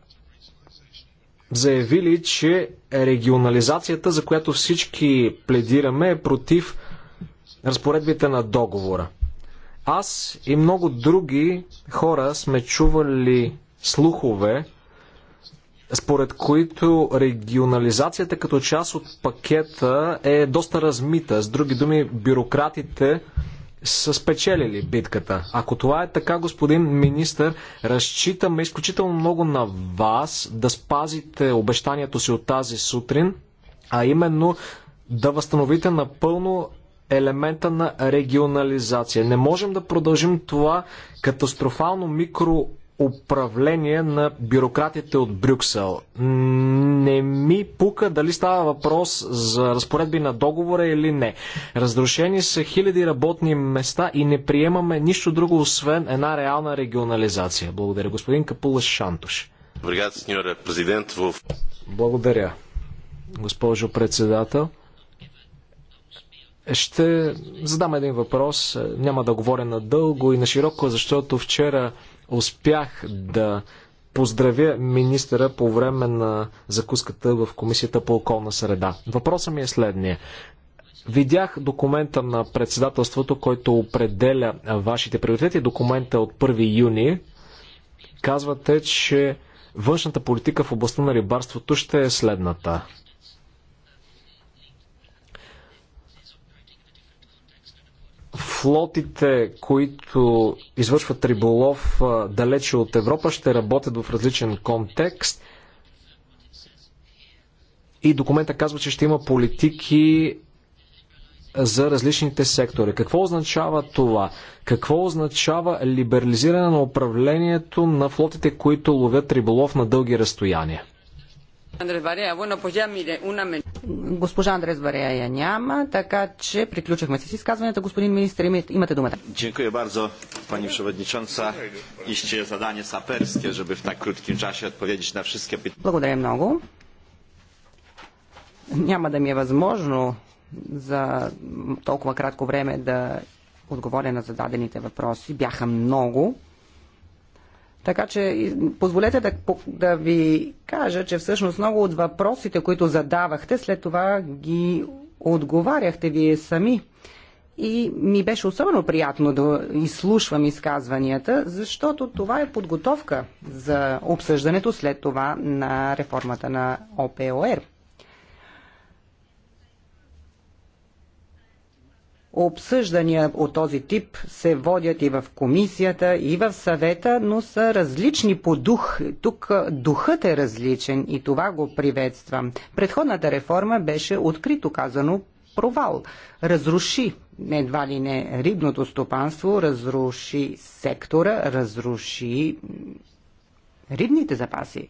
заявили, че регионализацията, за която всички пледираме, е против разпоредбите на договора. Аз и много други хора сме чували слухове, според които регионализацията като част от пакета е доста размита. С други думи, бюрократите са спечелили битката. Ако това е така, господин министр, разчитаме изключително много на вас да спазите обещанието си от тази сутрин, а именно да възстановите напълно елемента на регионализация. Не можем да продължим това катастрофално микро управление на бюрократите от Брюксел. Не ми пука дали става въпрос за разпоредби на договора или не. Разрушени са хиляди работни места и не приемаме нищо друго, освен една реална регионализация. Благодаря, господин Капулас Шантош. Бригада, сеньора президент. В... Благодаря, госпожо председател. Ще задам един въпрос. Няма да говоря надълго и на широко, защото вчера Успях да поздравя министъра по време на закуската в Комисията по околна среда. Въпросът ми е следния. Видях документа на председателството, който определя вашите приоритети. Документа от 1 юни. Казвате, че външната политика в областта на рибарството ще е следната. флотите, които извършват риболов далече от Европа, ще работят в различен контекст. И документа казва, че ще има политики за различните сектори. Какво означава това? Какво означава либерализиране на управлението на флотите, които ловят риболов на дълги разстояния? Госпожа Андрес Варея я няма, така че приключихме с изказванията. Господин министр, имате думата. Дякую Dziękuję bardzo, pani przewodnicząca. Iście zadanie saperskie, żeby в tak krótkim czasie odpowiedzieć на всички питания. Благодаря много. Няма да ми е възможно за толкова кратко време да отговоря на зададените въпроси. Бяха много. Така че позволете да, да ви кажа, че всъщност много от въпросите, които задавахте, след това ги отговаряхте вие сами. И ми беше особено приятно да изслушвам изказванията, защото това е подготовка за обсъждането след това на реформата на ОПОР. Обсъждания от този тип се водят и в комисията, и в съвета, но са различни по дух. Тук духът е различен и това го приветствам. Предходната реформа беше открито казано провал. Разруши едва ли не рибното стопанство, разруши сектора, разруши рибните запаси.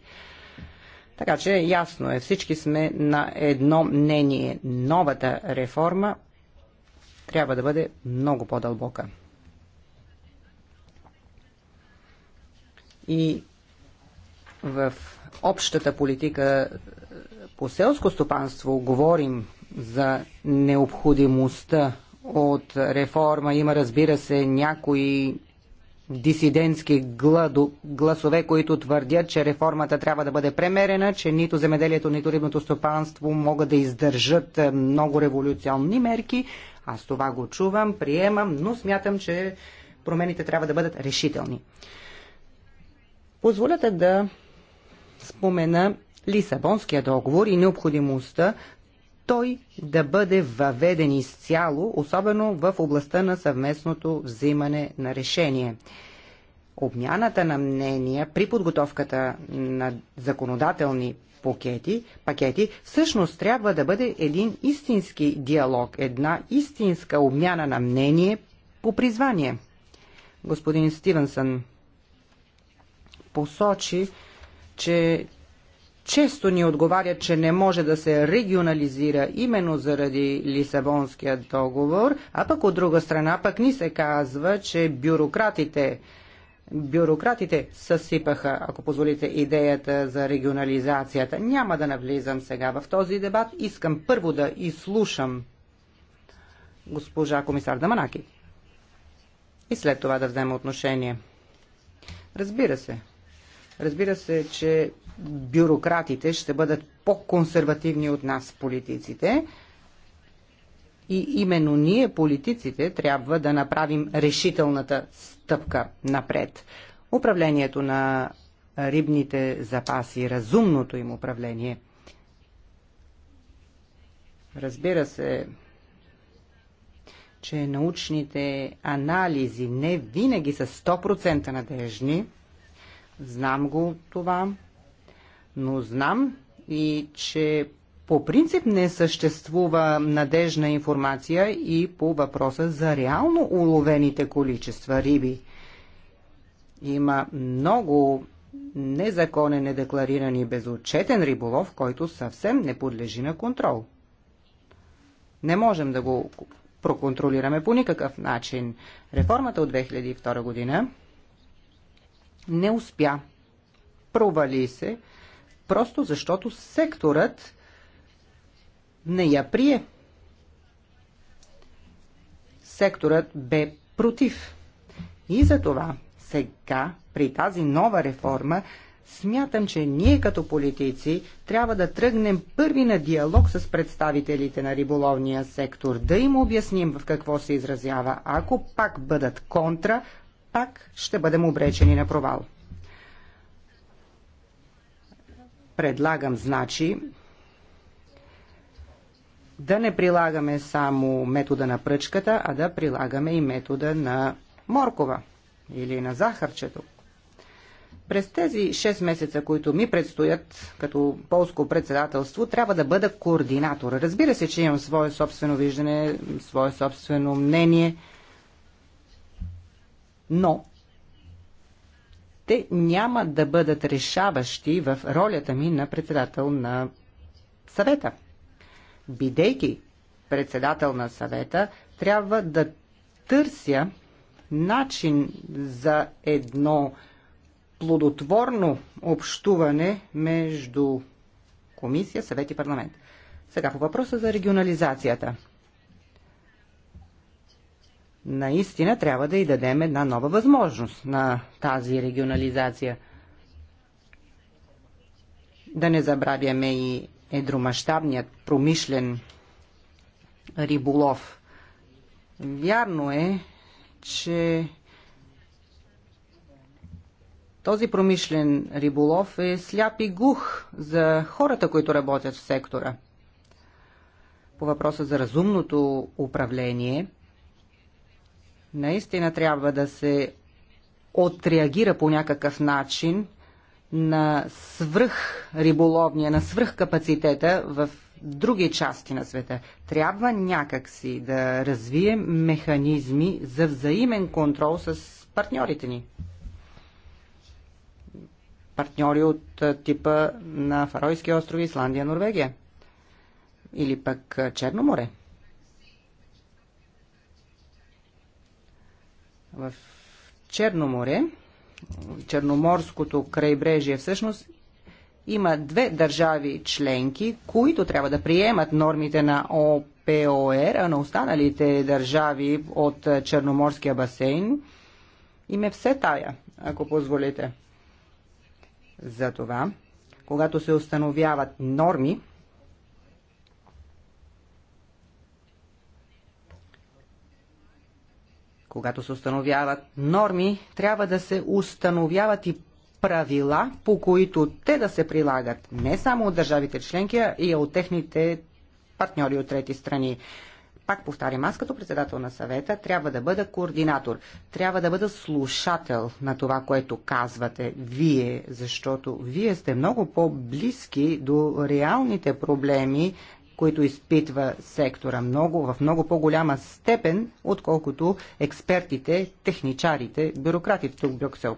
Така че ясно е, всички сме на едно мнение. Новата реформа трябва да бъде много по-дълбока. И в общата политика по селско стопанство говорим за необходимостта от реформа. Има, разбира се, някои дисидентски гласове, които твърдят, че реформата трябва да бъде премерена, че нито земеделието, нито рибното стопанство могат да издържат е, много революционни мерки. Аз това го чувам, приемам, но смятам, че промените трябва да бъдат решителни. Позволете да спомена Лисабонския договор и необходимостта той да бъде въведен изцяло, особено в областта на съвместното взимане на решение. Обмяната на мнения при подготовката на законодателни пакети, пакети всъщност трябва да бъде един истински диалог, една истинска обмяна на мнение по призвание. Господин Стивенсън посочи, че често ни отговарят, че не може да се регионализира именно заради Лисабонския договор, а пък от друга страна пък ни се казва, че бюрократите бюрократите съсипаха, ако позволите, идеята за регионализацията. Няма да навлизам сега в този дебат. Искам първо да изслушам госпожа комисар Даманаки и след това да взема отношение. Разбира се. Разбира се, че бюрократите ще бъдат по-консервативни от нас, политиците. И именно ние, политиците, трябва да направим решителната стъпка напред. Управлението на рибните запаси, разумното им управление. Разбира се, че научните анализи не винаги са 100% надежни. Знам го това но знам и че по принцип не съществува надежна информация и по въпроса за реално уловените количества риби. Има много незаконен, недеклариран и безотчетен риболов, който съвсем не подлежи на контрол. Не можем да го проконтролираме по никакъв начин. Реформата от 2002 година не успя. Провали се просто защото секторът не я прие. Секторът бе против. И за това сега, при тази нова реформа, смятам, че ние като политици трябва да тръгнем първи на диалог с представителите на риболовния сектор, да им обясним в какво се изразява. Ако пак бъдат контра, пак ще бъдем обречени на провал. Предлагам, значи, да не прилагаме само метода на пръчката, а да прилагаме и метода на моркова или на захарчето. През тези 6 месеца, които ми предстоят като полско председателство, трябва да бъда координатор. Разбира се, че имам свое собствено виждане, свое собствено мнение, но те няма да бъдат решаващи в ролята ми на председател на съвета. Бидейки председател на съвета, трябва да търся начин за едно плодотворно общуване между комисия, съвет и парламент. Сега по въпроса за регионализацията наистина трябва да й дадем една нова възможност на тази регионализация. Да не забравяме и едромащабният промишлен риболов. Вярно е, че този промишлен риболов е сляп и глух за хората, които работят в сектора. По въпроса за разумното управление – наистина трябва да се отреагира по някакъв начин на свръх риболовния, на свръх капацитета в други части на света. Трябва някакси да развием механизми за взаимен контрол с партньорите ни. Партньори от типа на Фаройски острови, Исландия, Норвегия или пък Черно море. в Черно море, Черноморското крайбрежие всъщност, има две държави членки, които трябва да приемат нормите на ОПОР, а на останалите държави от Черноморския басейн им е все тая, ако позволите. Затова, когато се установяват норми, когато се установяват норми, трябва да се установяват и правила, по които те да се прилагат не само от държавите членки, а и от техните партньори от трети страни. Пак повтарям, аз като председател на съвета трябва да бъда координатор, трябва да бъда слушател на това, което казвате вие, защото вие сте много по-близки до реалните проблеми които изпитва сектора много, в много по-голяма степен, отколкото експертите, техничарите, бюрократите тук в Брюксел.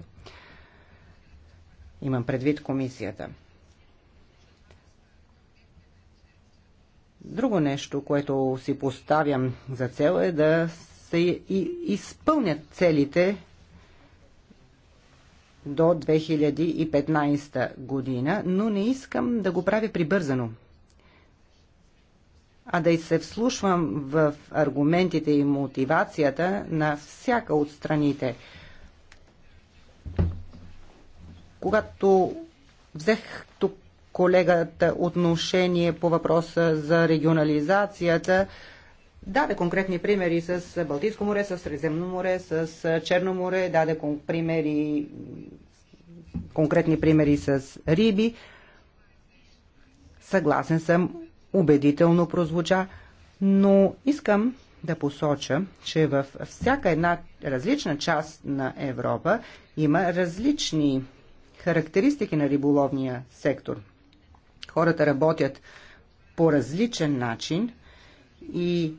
Имам предвид комисията. Друго нещо, което си поставям за цел е да се изпълнят целите до 2015 година, но не искам да го правя прибързано а да и се вслушвам в аргументите и мотивацията на всяка от страните. Когато взех тук колегата отношение по въпроса за регионализацията, даде конкретни примери с Балтийско море, с Средиземно море, с Черно море, даде примери, конкретни примери с риби. Съгласен съм убедително прозвуча, но искам да посоча, че във всяка една различна част на Европа има различни характеристики на риболовния сектор. Хората работят по различен начин и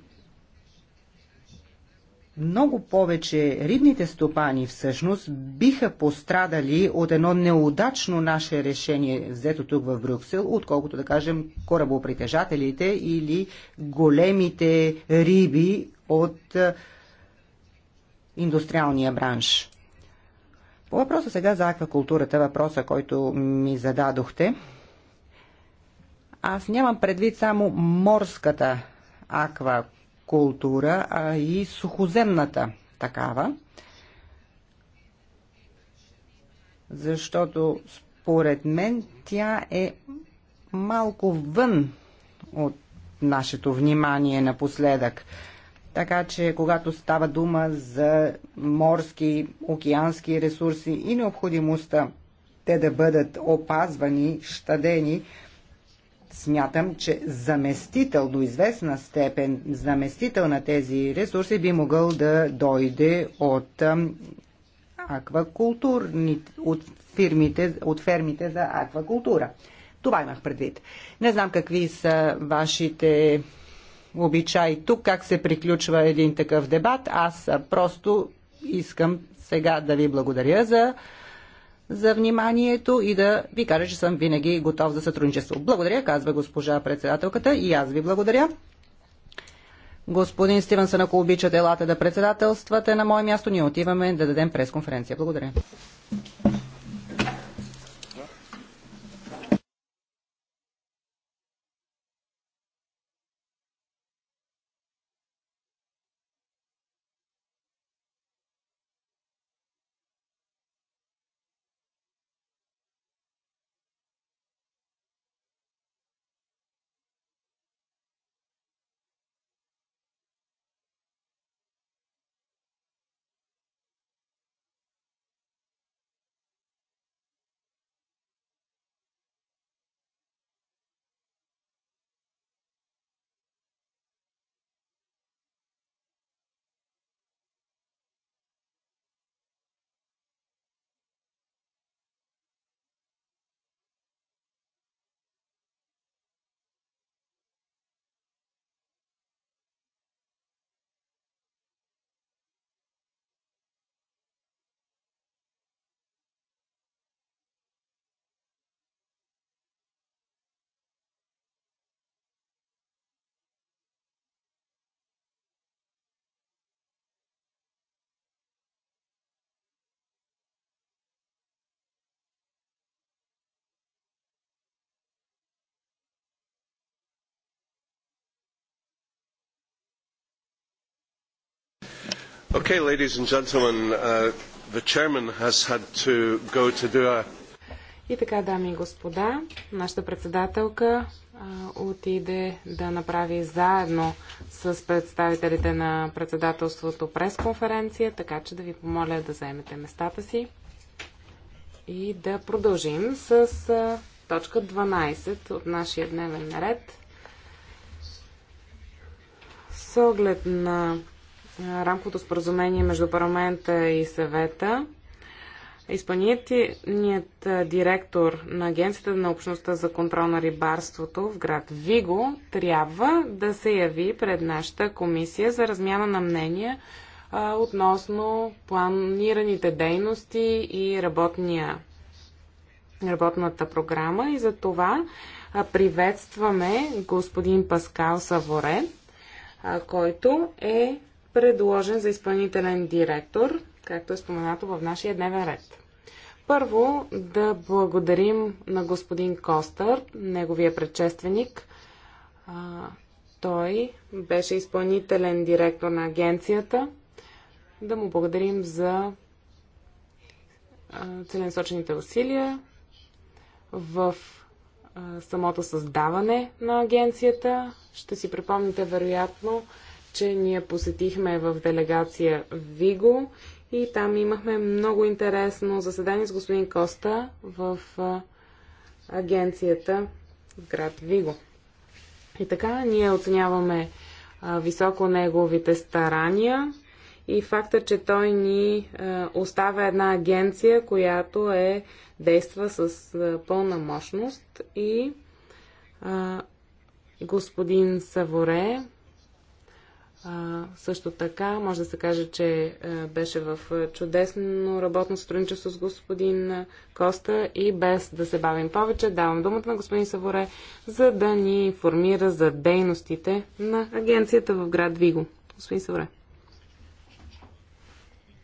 много повече рибните стопани всъщност биха пострадали от едно неудачно наше решение, взето тук в Брюксел, отколкото да кажем корабопритежателите или големите риби от е, индустриалния бранш. По въпроса сега за аквакултурата, въпроса, който ми зададохте, аз нямам предвид само морската аквакултура култура, а и сухоземната такава. Защото според мен тя е малко вън от нашето внимание напоследък. Така че, когато става дума за морски, океански ресурси и необходимостта те да бъдат опазвани, щадени, Смятам, че заместител до известна степен, заместител на тези ресурси би могъл да дойде от аквакултурни, от фирмите, от фермите за аквакултура. Това имах предвид. Не знам какви са вашите обичаи тук, как се приключва един такъв дебат. Аз просто искам сега да ви благодаря за за вниманието и да ви кажа, че съм винаги готов за сътрудничество. Благодаря, казва госпожа председателката и аз ви благодаря. Господин Стивенсън, ако обичате, елате да председателствате на мое място. Ние отиваме да дадем пресконференция. Благодаря. Okay, ladies and gentlemen, uh, the chairman has had to go to do a... И така, дами и господа, нашата председателка а, отиде да направи заедно с представителите на председателството пресконференция, така че да ви помоля да заемете местата си и да продължим с а, точка 12 от нашия дневен наред. С оглед на рамковото споразумение между парламента и съвета. изпълнителният директор на Агенцията на общността за контрол на рибарството в град Виго трябва да се яви пред нашата комисия за размяна на мнения а, относно планираните дейности и работния, работната програма. И за това а, приветстваме господин Паскал Саворе, а, който е предложен за изпълнителен директор, както е споменато в нашия дневен ред. Първо да благодарим на господин Костър, неговия предшественик. А, той беше изпълнителен директор на агенцията. Да му благодарим за целенсочените усилия в самото създаване на агенцията. Ще си припомните вероятно че ние посетихме в делегация Виго и там имахме много интересно заседание с господин Коста в агенцията в град Виго. И така, ние оценяваме а, високо неговите старания и факта, че той ни а, оставя една агенция, която е действа с а, пълна мощност и а, господин Саворе също така, може да се каже, че беше в чудесно работно сътрудничество с господин Коста и без да се бавим повече, давам думата на господин Саворе, за да ни информира за дейностите на агенцията в град Виго. Господин Саворе.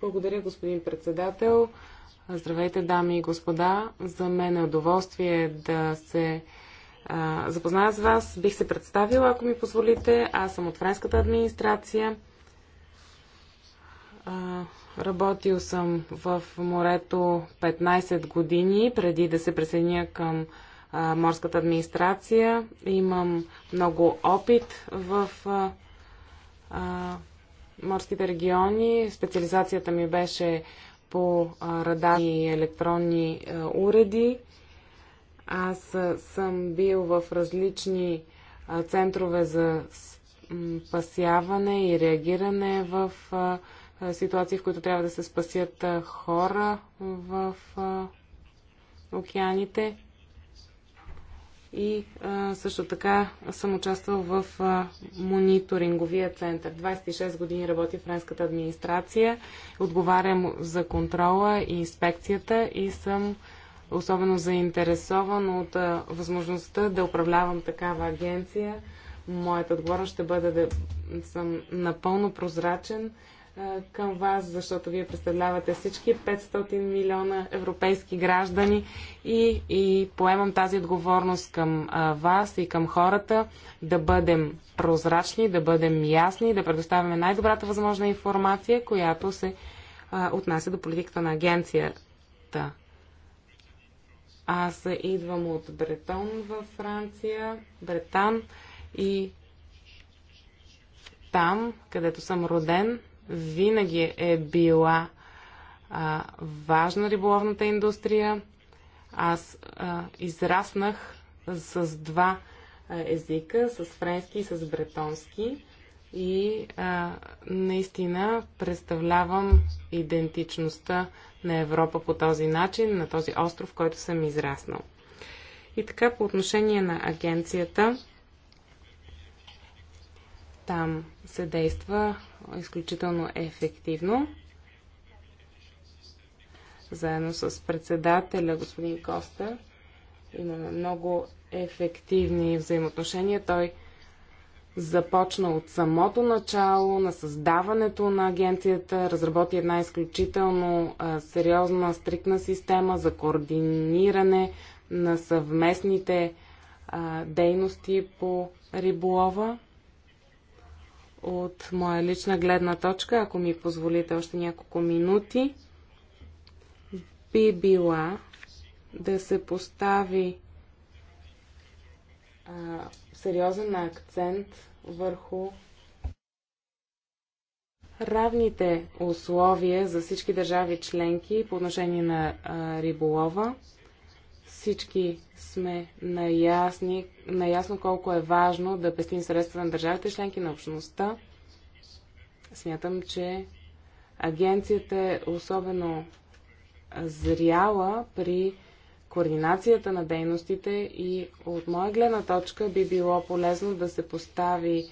Благодаря, господин председател. Здравейте, дами и господа. За мен е удоволствие да се запозная с вас. Бих се представила, ако ми позволите. Аз съм от френската администрация. работил съм в морето 15 години, преди да се присъединя към морската администрация. Имам много опит в морските региони. Специализацията ми беше по а, радари и електронни уреди. Аз съм бил в различни центрове за спасяване и реагиране в ситуации, в които трябва да се спасят хора в океаните. И а, също така съм участвал в а, мониторинговия център. 26 години работи в френската администрация, отговарям за контрола и инспекцията и съм особено заинтересован от а, възможността да управлявам такава агенция. Моят отговор ще бъде да съм напълно прозрачен а, към вас, защото вие представлявате всички 500 милиона европейски граждани и, и поемам тази отговорност към а, вас и към хората да бъдем прозрачни, да бъдем ясни, да предоставяме най-добрата възможна информация, която се отнася до политиката на агенцията. Аз идвам от Бретон във Франция, Бретан и там, където съм роден, винаги е била а, важна риболовната индустрия. Аз а, израснах с два езика, с френски и с бретонски. И а, наистина представлявам идентичността на Европа по този начин, на този остров, който съм израснал. И така по отношение на агенцията, там се действа изключително ефективно. Заедно с председателя господин Коста имаме много ефективни взаимоотношения. Той започна от самото начало на създаването на агенцията, разработи една изключително а, сериозна, стрикна система за координиране на съвместните а, дейности по риболова. От моя лична гледна точка, ако ми позволите още няколко минути, би била да се постави а, сериозен акцент върху равните условия за всички държави членки по отношение на а, риболова. Всички сме наясни, наясно колко е важно да пестим средства на държавите членки на общността. Смятам, че агенцията е особено зряла при координацията на дейностите и от моя гледна точка би било полезно да се постави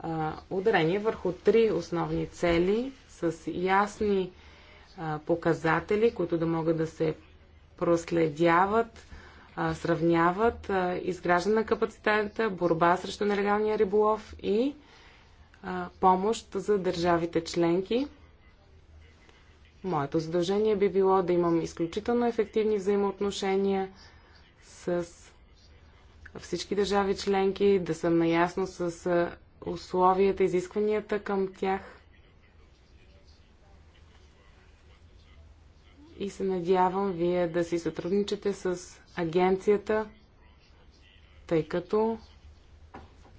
а, ударение върху три основни цели с ясни а, показатели, които да могат да се проследяват, а, сравняват, а, изграждане на капацитета, борба срещу нелегалния риболов и а, помощ за държавите членки Моето задължение би било да имам изключително ефективни взаимоотношения с всички държави членки, да съм наясно с условията, изискванията към тях. И се надявам вие да си сътрудничате с агенцията, тъй като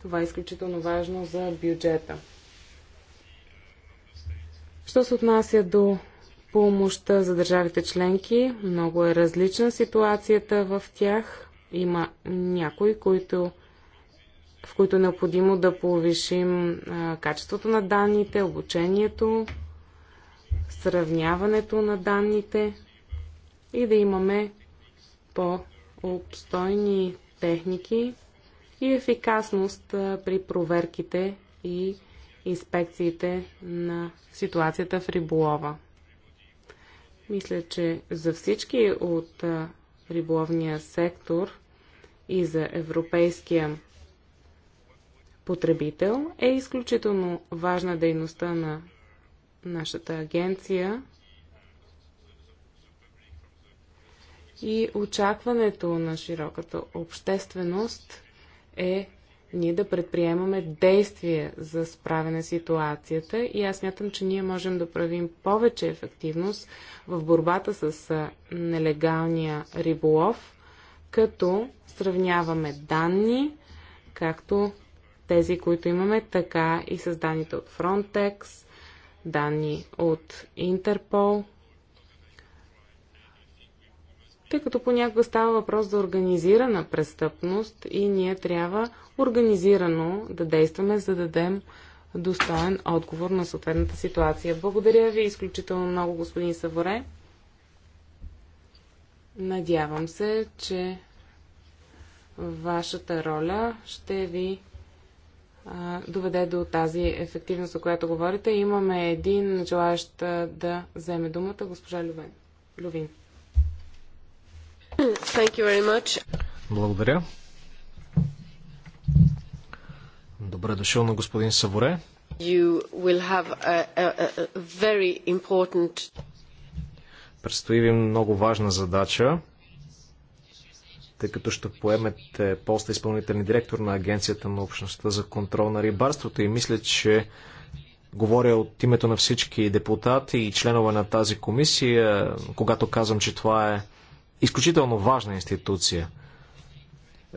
това е изключително важно за бюджета. Що се отнася до помощта за държавите членки. Много е различна ситуацията в тях. Има някои, които, в които е необходимо да повишим а, качеството на данните, обучението, сравняването на данните и да имаме по-обстойни техники и ефикасност а, при проверките и инспекциите на ситуацията в риболова. Мисля, че за всички от риболовния сектор и за европейския потребител е изключително важна дейността на нашата агенция и очакването на широката общественост е ние да предприемаме действия за справяне с ситуацията и аз мятам, че ние можем да правим повече ефективност в борбата с нелегалния риболов, като сравняваме данни, както тези, които имаме, така и с данните от Frontex, данни от Интерпол, тъй като понякога става въпрос за организирана престъпност и ние трябва организирано да действаме, за да дадем достоен отговор на съответната ситуация. Благодаря ви изключително много, господин Саворе. Надявам се, че вашата роля ще ви а, доведе до тази ефективност, за която говорите. Имаме един желаящ да вземе думата, госпожа Лювин. Благодаря. Добре дошъл на господин Саворе. A, a, a important... Предстои ви много важна задача, тъй като ще поемете поста изпълнителни директор на Агенцията на общността за контрол на рибарството и мисля, че говоря от името на всички депутати и членове на тази комисия, когато казвам, че това е изключително важна институция –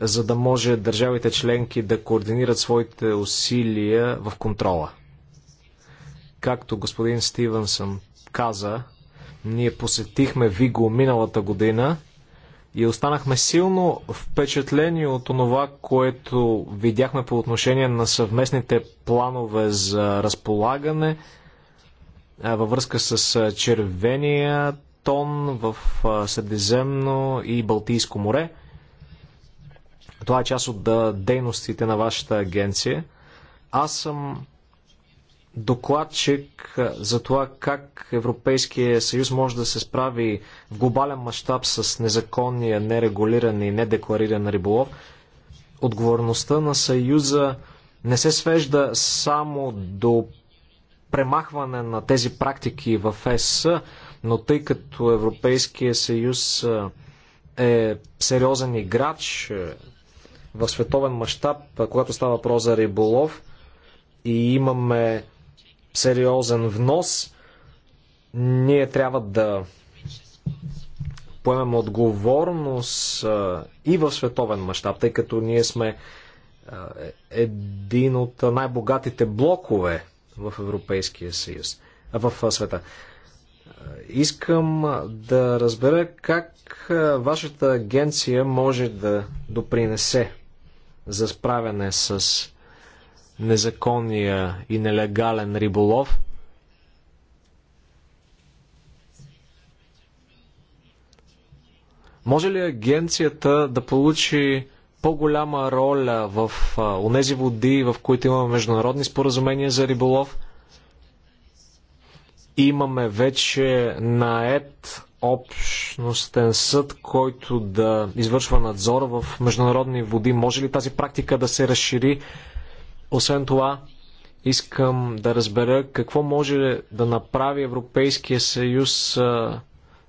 за да може държавите членки да координират своите усилия в контрола. Както господин Стивенсън каза, ние посетихме Виго миналата година и останахме силно впечатлени от това, което видяхме по отношение на съвместните планове за разполагане във връзка с червения тон в Средиземно и Балтийско море. Това е част от дейностите на вашата агенция. Аз съм докладчик за това как Европейския съюз може да се справи в глобален мащаб с незаконния, нерегулиран и недеклариран риболов. Отговорността на съюза не се свежда само до премахване на тези практики в ЕС, но тъй като Европейския съюз е сериозен играч в световен мащаб, когато става въпрос за риболов и имаме сериозен внос, ние трябва да поемем отговорност и в световен мащаб, тъй като ние сме е, един от най-богатите блокове в Европейския съюз, в света. Искам да разбера как вашата агенция може да допринесе за справяне с незаконния и нелегален риболов. Може ли агенцията да получи по-голяма роля в онези води, в които имаме международни споразумения за риболов? Имаме вече наед общностен съд, който да извършва надзор в международни води. Може ли тази практика да се разшири? Освен това, искам да разбера какво може да направи Европейския съюз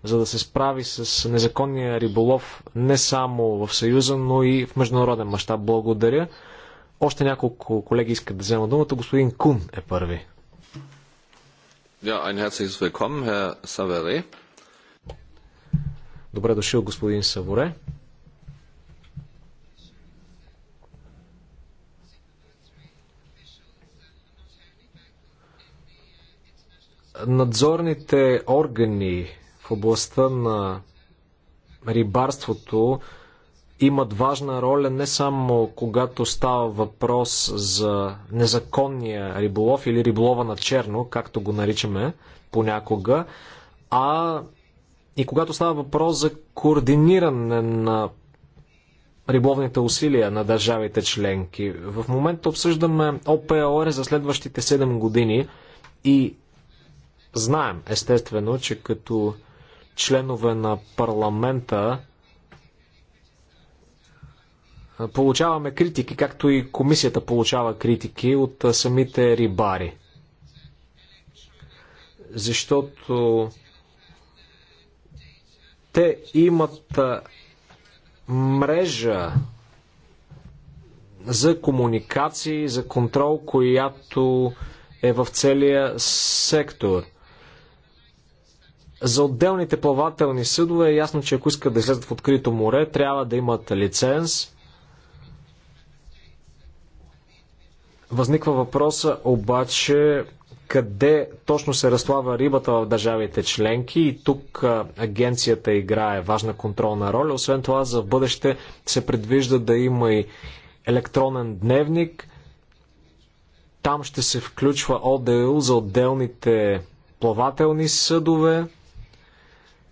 за да се справи с незаконния риболов не само в Съюза, но и в международен мащаб. Благодаря. Още няколко колеги искат да вземат думата. Господин Кун е първи. Ja, ein herzliches Willkommen, Herr Savary. Добре дошъл, господин Саворе. Надзорните органи в областта на рибарството имат важна роля не само когато става въпрос за незаконния риболов или риболова на черно, както го наричаме понякога, а и когато става въпрос за координиране на риболовните усилия на държавите членки, в момента обсъждаме ОПОР за следващите 7 години и знаем, естествено, че като членове на парламента получаваме критики, както и комисията получава критики от самите рибари. Защото те имат мрежа за комуникации, за контрол, която е в целия сектор. За отделните плавателни съдове е ясно, че ако искат да излезат в открито море, трябва да имат лиценз. Възниква въпроса обаче къде точно се разслава рибата в държавите членки и тук агенцията играе важна контролна роля. Освен това, за бъдеще се предвижда да има и електронен дневник. Там ще се включва ОДЛ за отделните плавателни съдове.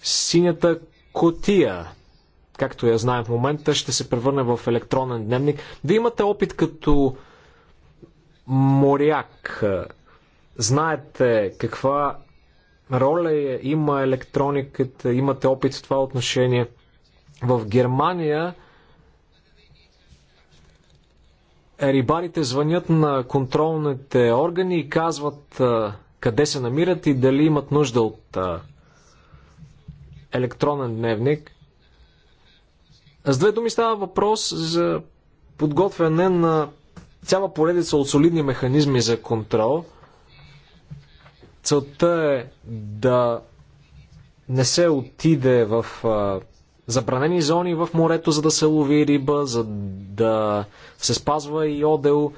Синята котия, както я знаем в момента, ще се превърне в електронен дневник. Да имате опит като моряк, Знаете каква роля е, има електрониката, имате опит в това отношение. В Германия рибарите звънят на контролните органи и казват къде се намират и дали имат нужда от електронен дневник. С две думи става въпрос за подготвяне на цяла поредица от солидни механизми за контрол – Целта е да не се отиде в забранени зони в морето, за да се лови риба, за да се спазва и одел.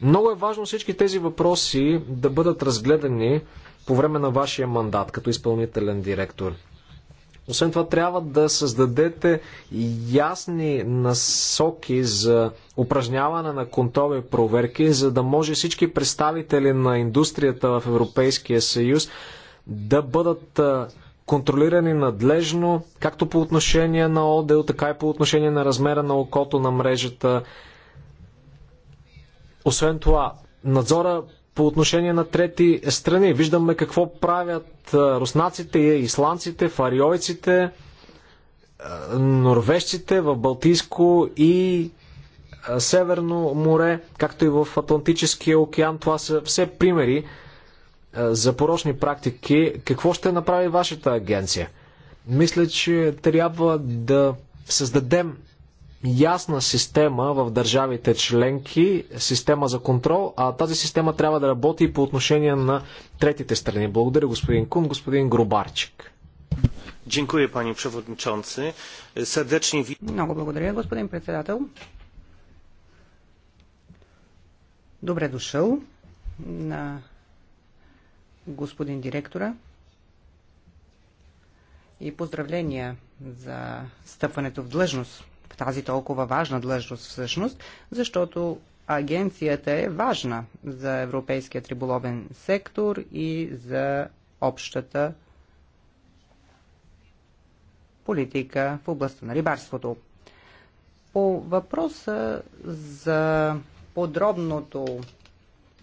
Много е важно всички тези въпроси да бъдат разгледани по време на вашия мандат като изпълнителен директор. Освен това, трябва да създадете ясни насоки за упражняване на контрол и проверки, за да може всички представители на индустрията в Европейския съюз да бъдат контролирани надлежно, както по отношение на ОДЕО, така и по отношение на размера на окото на мрежата. Освен това, надзора по отношение на трети страни. Виждаме какво правят руснаците, исландците, фариойците, норвежците в Балтийско и Северно море, както и в Атлантическия океан. Това са все примери за порочни практики. Какво ще направи вашата агенция? Мисля, че трябва да създадем ясна система в държавите членки, система за контрол, а тази система трябва да работи и по отношение на третите страни. Благодаря господин Кун, господин Грубарчик. Много благодаря, господин председател. Добре дошъл на господин директора и поздравления за стъпването в длъжност тази толкова важна длъжност всъщност, защото агенцията е важна за европейския триболовен сектор и за общата политика в областта на рибарството. По въпроса за подробното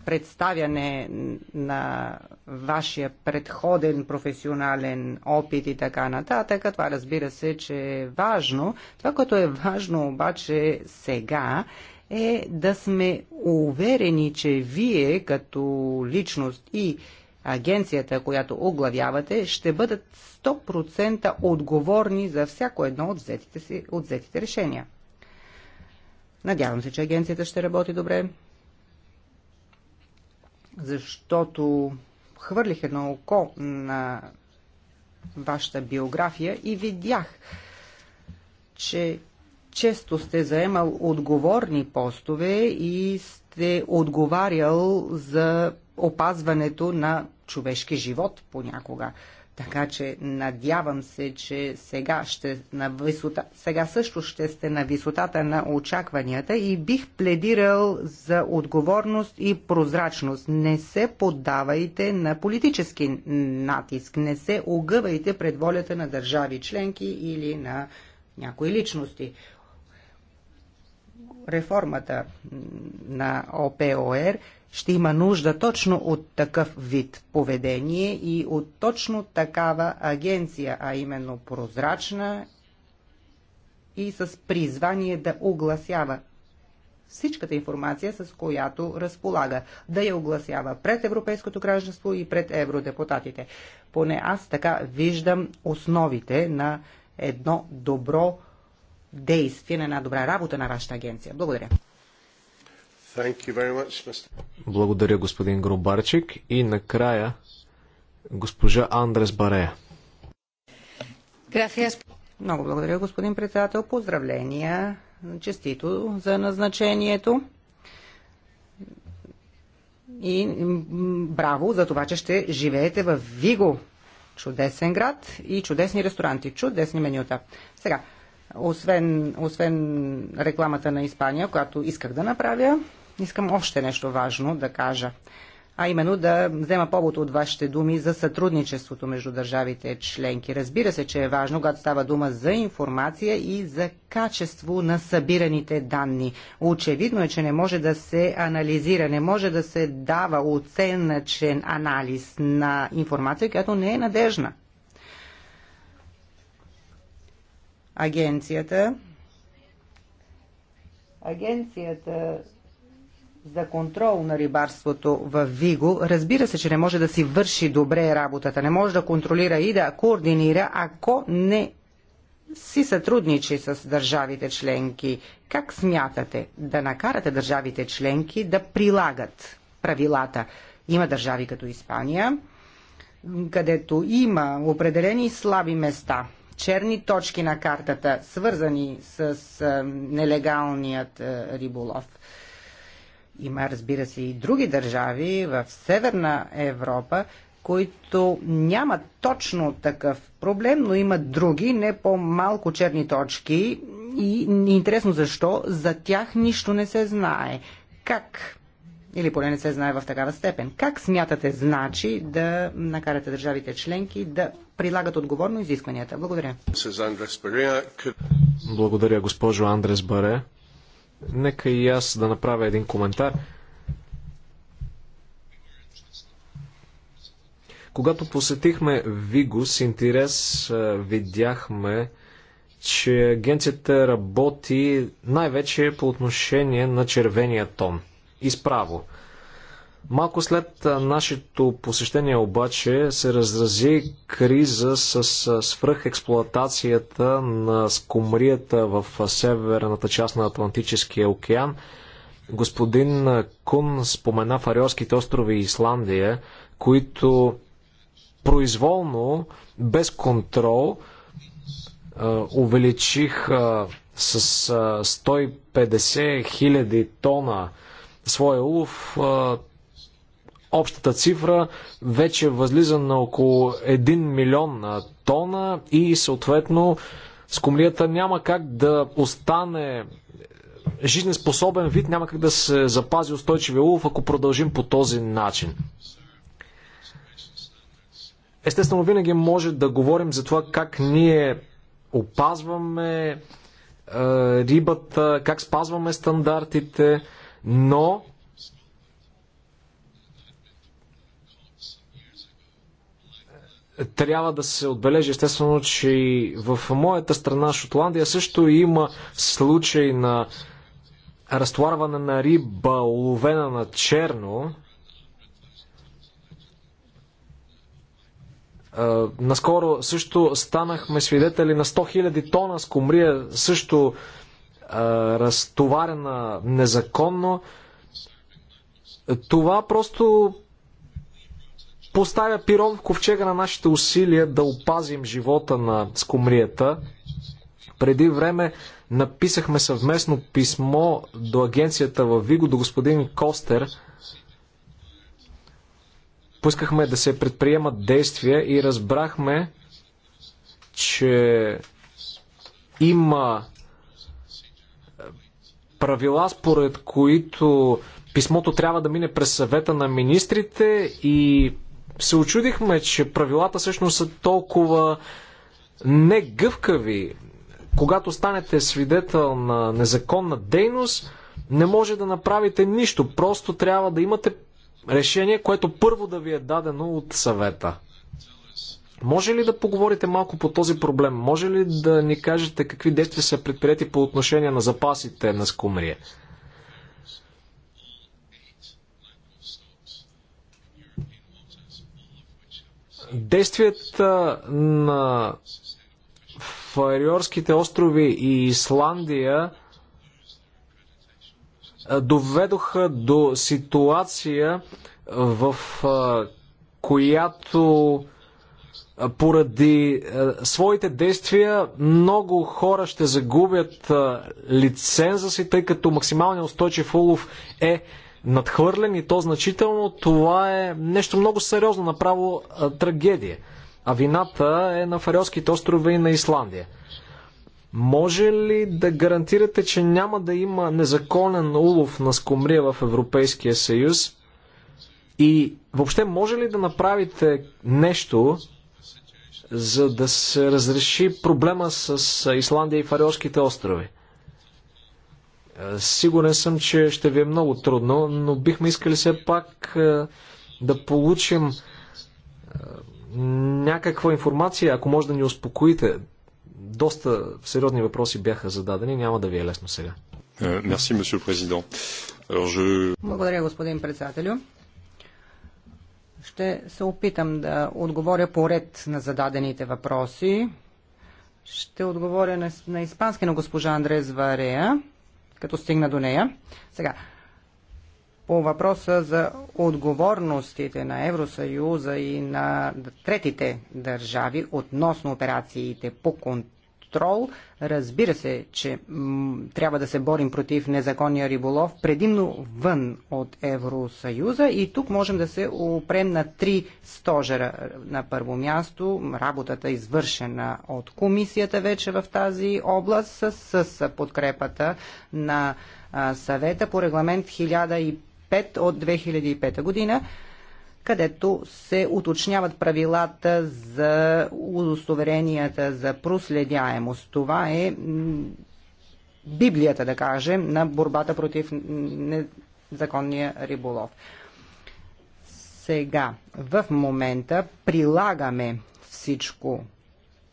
представяне на вашия предходен професионален опит и така нататък. Това разбира се, че е важно. Това, което е важно обаче сега, е да сме уверени, че вие като личност и агенцията, която оглавявате, ще бъдат 100% отговорни за всяко едно от взетите, си, от взетите решения. Надявам се, че агенцията ще работи добре защото хвърлих едно око на вашата биография и видях, че често сте заемал отговорни постове и сте отговарял за опазването на човешки живот понякога. Така че надявам се, че сега, ще на висота, сега също ще сте на висотата на очакванията и бих пледирал за отговорност и прозрачност. Не се поддавайте на политически натиск, не се огъвайте пред волята на държави членки или на някои личности реформата на ОПОР ще има нужда точно от такъв вид поведение и от точно такава агенция, а именно прозрачна и с призвание да огласява всичката информация, с която разполага, да я огласява пред европейското гражданство и пред евродепутатите. Поне аз така виждам основите на едно добро действие, на една добра работа на вашата агенция. Благодаря. Much, Благодаря, господин Гробарчик. И накрая, госпожа Андрес Барея. Много благодаря, господин председател. Поздравления. Честито за назначението. И браво за това, че ще живеете в Виго. Чудесен град и чудесни ресторанти, чудесни менюта. Сега, освен, освен рекламата на Испания, която исках да направя, искам още нещо важно да кажа. А именно да взема повод от вашите думи за сътрудничеството между държавите членки. Разбира се, че е важно, когато става дума за информация и за качество на събираните данни. Очевидно е, че не може да се анализира, не може да се дава оценъчен анализ на информация, която не е надежна. агенцията. Агенцията за контрол на рибарството в Виго, разбира се, че не може да си върши добре работата, не може да контролира и да координира, ако не си сътрудничи с държавите членки. Как смятате да накарате държавите членки да прилагат правилата? Има държави като Испания, където има определени слаби места – черни точки на картата, свързани с нелегалният риболов. Има, разбира се, и други държави в Северна Европа, които нямат точно такъв проблем, но имат други, не по-малко черни точки и интересно защо, за тях нищо не се знае. Как или поне не се знае в такава степен. Как смятате, значи, да накарате държавите членки да прилагат отговорно изискванията? Благодаря. Благодаря, госпожо Андрес Баре. Нека и аз да направя един коментар. Когато посетихме Виго с интерес, видяхме, че агенцията работи най-вече по отношение на червения тон – изправо. Малко след нашето посещение обаче се разрази криза с свръхексплоатацията на скумрията в северната част на Атлантическия океан. Господин Кун спомена Фариорските острови и Исландия, които произволно, без контрол, увеличих с 150 хиляди тона своя улов. Общата цифра вече възлиза на около 1 милион тона и съответно скумлията няма как да остане е, жизнеспособен вид, няма как да се запази устойчивия улов, ако продължим по този начин. Естествено, винаги може да говорим за това как ние опазваме е, рибата, как спазваме стандартите но трябва да се отбележи естествено, че и в моята страна Шотландия също има случай на разтоварване на риба, уловена на черно. Наскоро също станахме свидетели на 100 000 тона скумрия, също разтоварена незаконно. Това просто поставя пирон в ковчега на нашите усилия да опазим живота на скумрията. Преди време написахме съвместно писмо до агенцията в Виго, до господин Костер. Поискахме да се предприемат действия и разбрахме, че има правила, според които писмото трябва да мине през съвета на министрите и се очудихме, че правилата всъщност са толкова негъвкави. Когато станете свидетел на незаконна дейност, не може да направите нищо. Просто трябва да имате решение, което първо да ви е дадено от съвета. Може ли да поговорите малко по този проблем? Може ли да ни кажете какви действия са предприяти по отношение на запасите на скумрия? Действията на Фариорските острови и Исландия доведоха до ситуация, в която поради своите действия много хора ще загубят лиценза си, тъй като максималният устойчив улов е надхвърлен и то значително. Това е нещо много сериозно, направо трагедия. А вината е на Фариоските острови и на Исландия. Може ли да гарантирате, че няма да има незаконен улов на скумрия в Европейския съюз? И въобще може ли да направите нещо, за да се разреши проблема с Исландия и Фариорските острови. Сигурен съм, че ще ви е много трудно, но бихме искали все пак да получим някаква информация, ако може да ни успокоите. Доста сериозни въпроси бяха зададени, няма да ви е лесно сега. Е, Благодаря, господин председателю. Ще се опитам да отговоря по ред на зададените въпроси. Ще отговоря на, на испански на госпожа Андрес Варея, като стигна до нея. Сега, по въпроса за отговорностите на Евросъюза и на третите държави относно операциите по контакт контрол. Разбира се, че трябва да се борим против незаконния риболов, предимно вън от Евросъюза и тук можем да се опрем на три стожера. На първо място работата извършена от комисията вече в тази област с, с подкрепата на съвета по регламент 1005 от 2005 година където се уточняват правилата за удостоверенията за проследяемост. Това е библията, да кажем, на борбата против незаконния риболов. Сега, в момента прилагаме всичко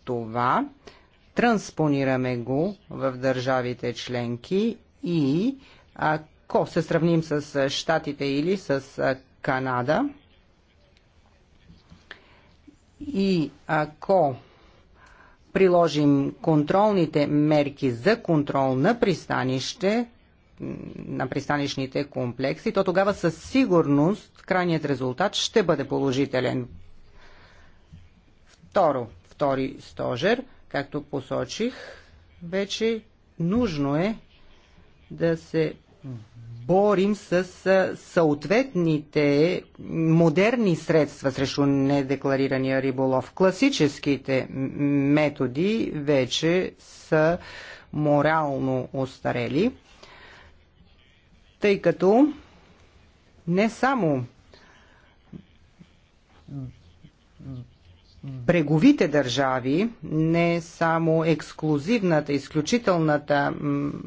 това, транспонираме го в държавите членки и ако се сравним с Штатите или с Канада, и ако приложим контролните мерки за контрол на пристанище, на пристанищните комплекси, то тогава със сигурност крайният резултат ще бъде положителен. Второ, втори стожер, както посочих, вече нужно е да се борим с съответните модерни средства срещу недекларирания риболов. Класическите методи вече са морално остарели, тъй като не само бреговите държави, не само ексклюзивната, изключителната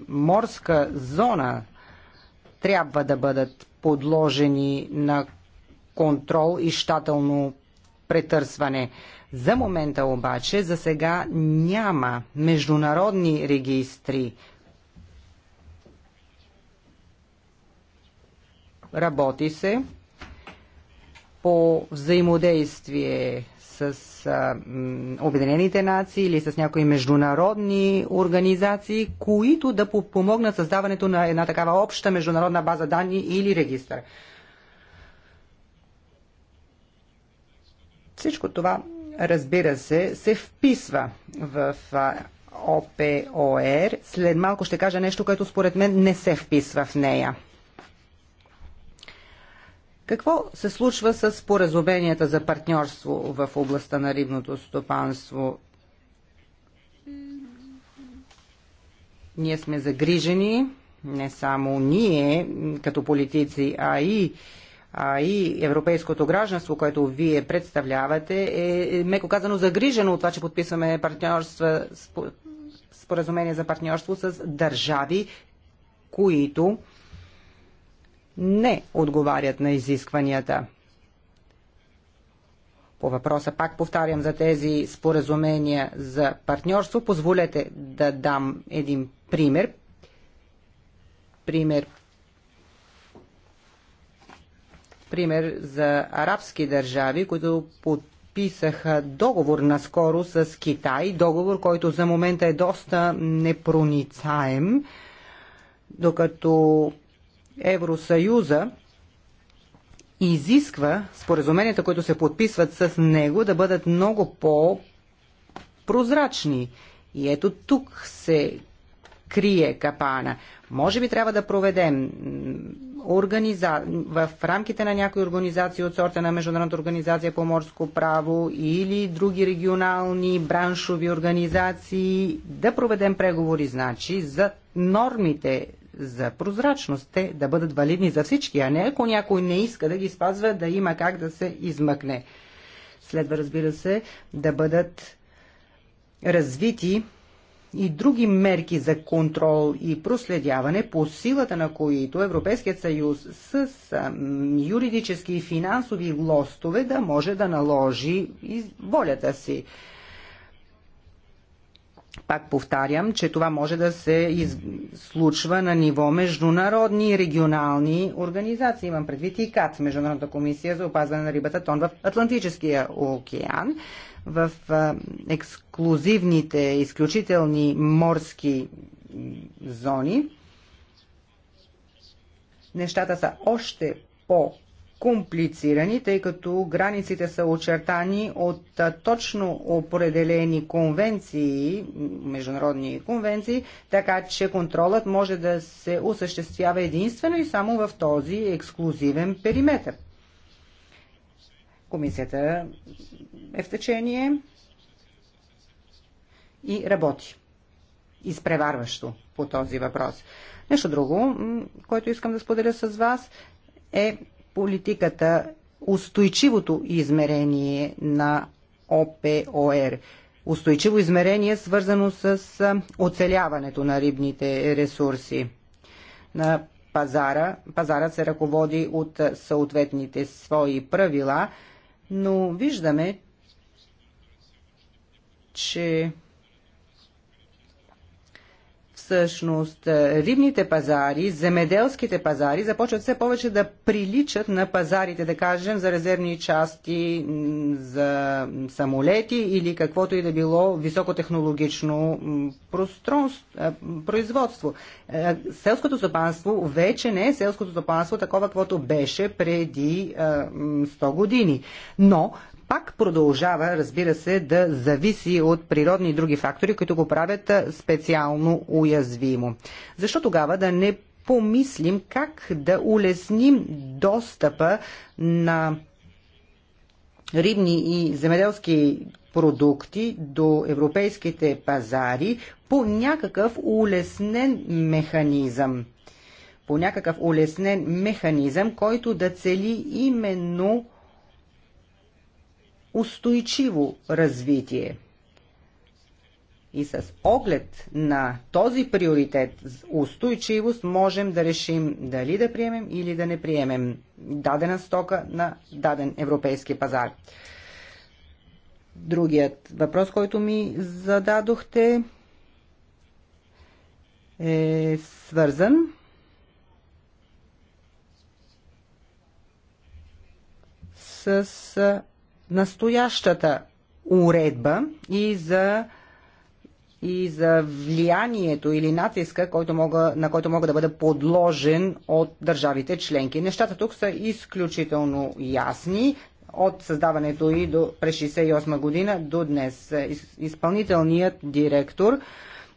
морска зона трябва да бъдат подложени на контрол и щателно претърсване. За момента обаче, за сега няма международни регистри. Работи се по взаимодействие с а, Обединените нации или с някои международни организации, които да помогнат създаването на една такава обща международна база данни или регистър. Всичко това, разбира се, се вписва в ОПОР. След малко ще кажа нещо, което според мен не се вписва в нея. Какво се случва с споразуменията за партньорство в областта на рибното стопанство? Ние сме загрижени, не само ние като политици, а и а и европейското гражданство, което вие представлявате, е, е меко казано, загрижено от това, че подписваме партньорства, споразумение за партньорство с държави, които не отговарят на изискванията. По въпроса пак повтарям за тези споразумения за партньорство, позволете да дам един пример. Пример пример за арабски държави, които подписаха договор наскоро с Китай, договор, който за момента е доста непроницаем, докато Евросъюза изисква споразуменията, които се подписват с него, да бъдат много по-прозрачни. И ето тук се крие капана. Може би трябва да проведем организа... в рамките на някои организации от сорта на Международната организация по морско право или други регионални браншови организации да проведем преговори, значи, за нормите за прозрачност. Те да бъдат валидни за всички, а не ако някой не иска да ги спазва, да има как да се измъкне. Следва, разбира се, да бъдат развити и други мерки за контрол и проследяване, по силата на които Европейският съюз с юридически и финансови лостове да може да наложи волята си. Пак повтарям, че това може да се из... случва на ниво международни и регионални организации. Имам предвид и КАТ, Международната комисия за опазване на рибата тон в Атлантическия океан, в ексклюзивните, изключителни морски зони. Нещата са още по комплицирани, тъй като границите са очертани от точно определени конвенции, международни конвенции, така че контролът може да се осъществява единствено и само в този ексклюзивен периметр. Комисията е в течение и работи изпреварващо по този въпрос. Нещо друго, което искам да споделя с вас е политиката, устойчивото измерение на ОПОР. Устойчиво измерение свързано с оцеляването на рибните ресурси. На пазара, пазарът се ръководи от съответните свои правила, но виждаме, че всъщност е, рибните пазари, земеделските пазари започват все повече да приличат на пазарите, да кажем, за резервни части, за самолети или каквото и да било високотехнологично е, производство. Е, селското стопанство вече не е селското стопанство такова, каквото беше преди 100 години. Но пак продължава, разбира се, да зависи от природни и други фактори, които го правят специално уязвимо. Защо тогава да не помислим как да улесним достъпа на рибни и земеделски продукти до европейските пазари по някакъв улеснен механизъм. По някакъв улеснен механизъм, който да цели именно устойчиво развитие. И с оглед на този приоритет устойчивост можем да решим дали да приемем или да не приемем дадена стока на даден европейски пазар. Другият въпрос, който ми зададохте е свързан с настоящата уредба и за и за влиянието или натиска, който мога, на който мога да бъда подложен от държавите членки. Нещата тук са изключително ясни от създаването и до през 68 година до днес. Изпълнителният директор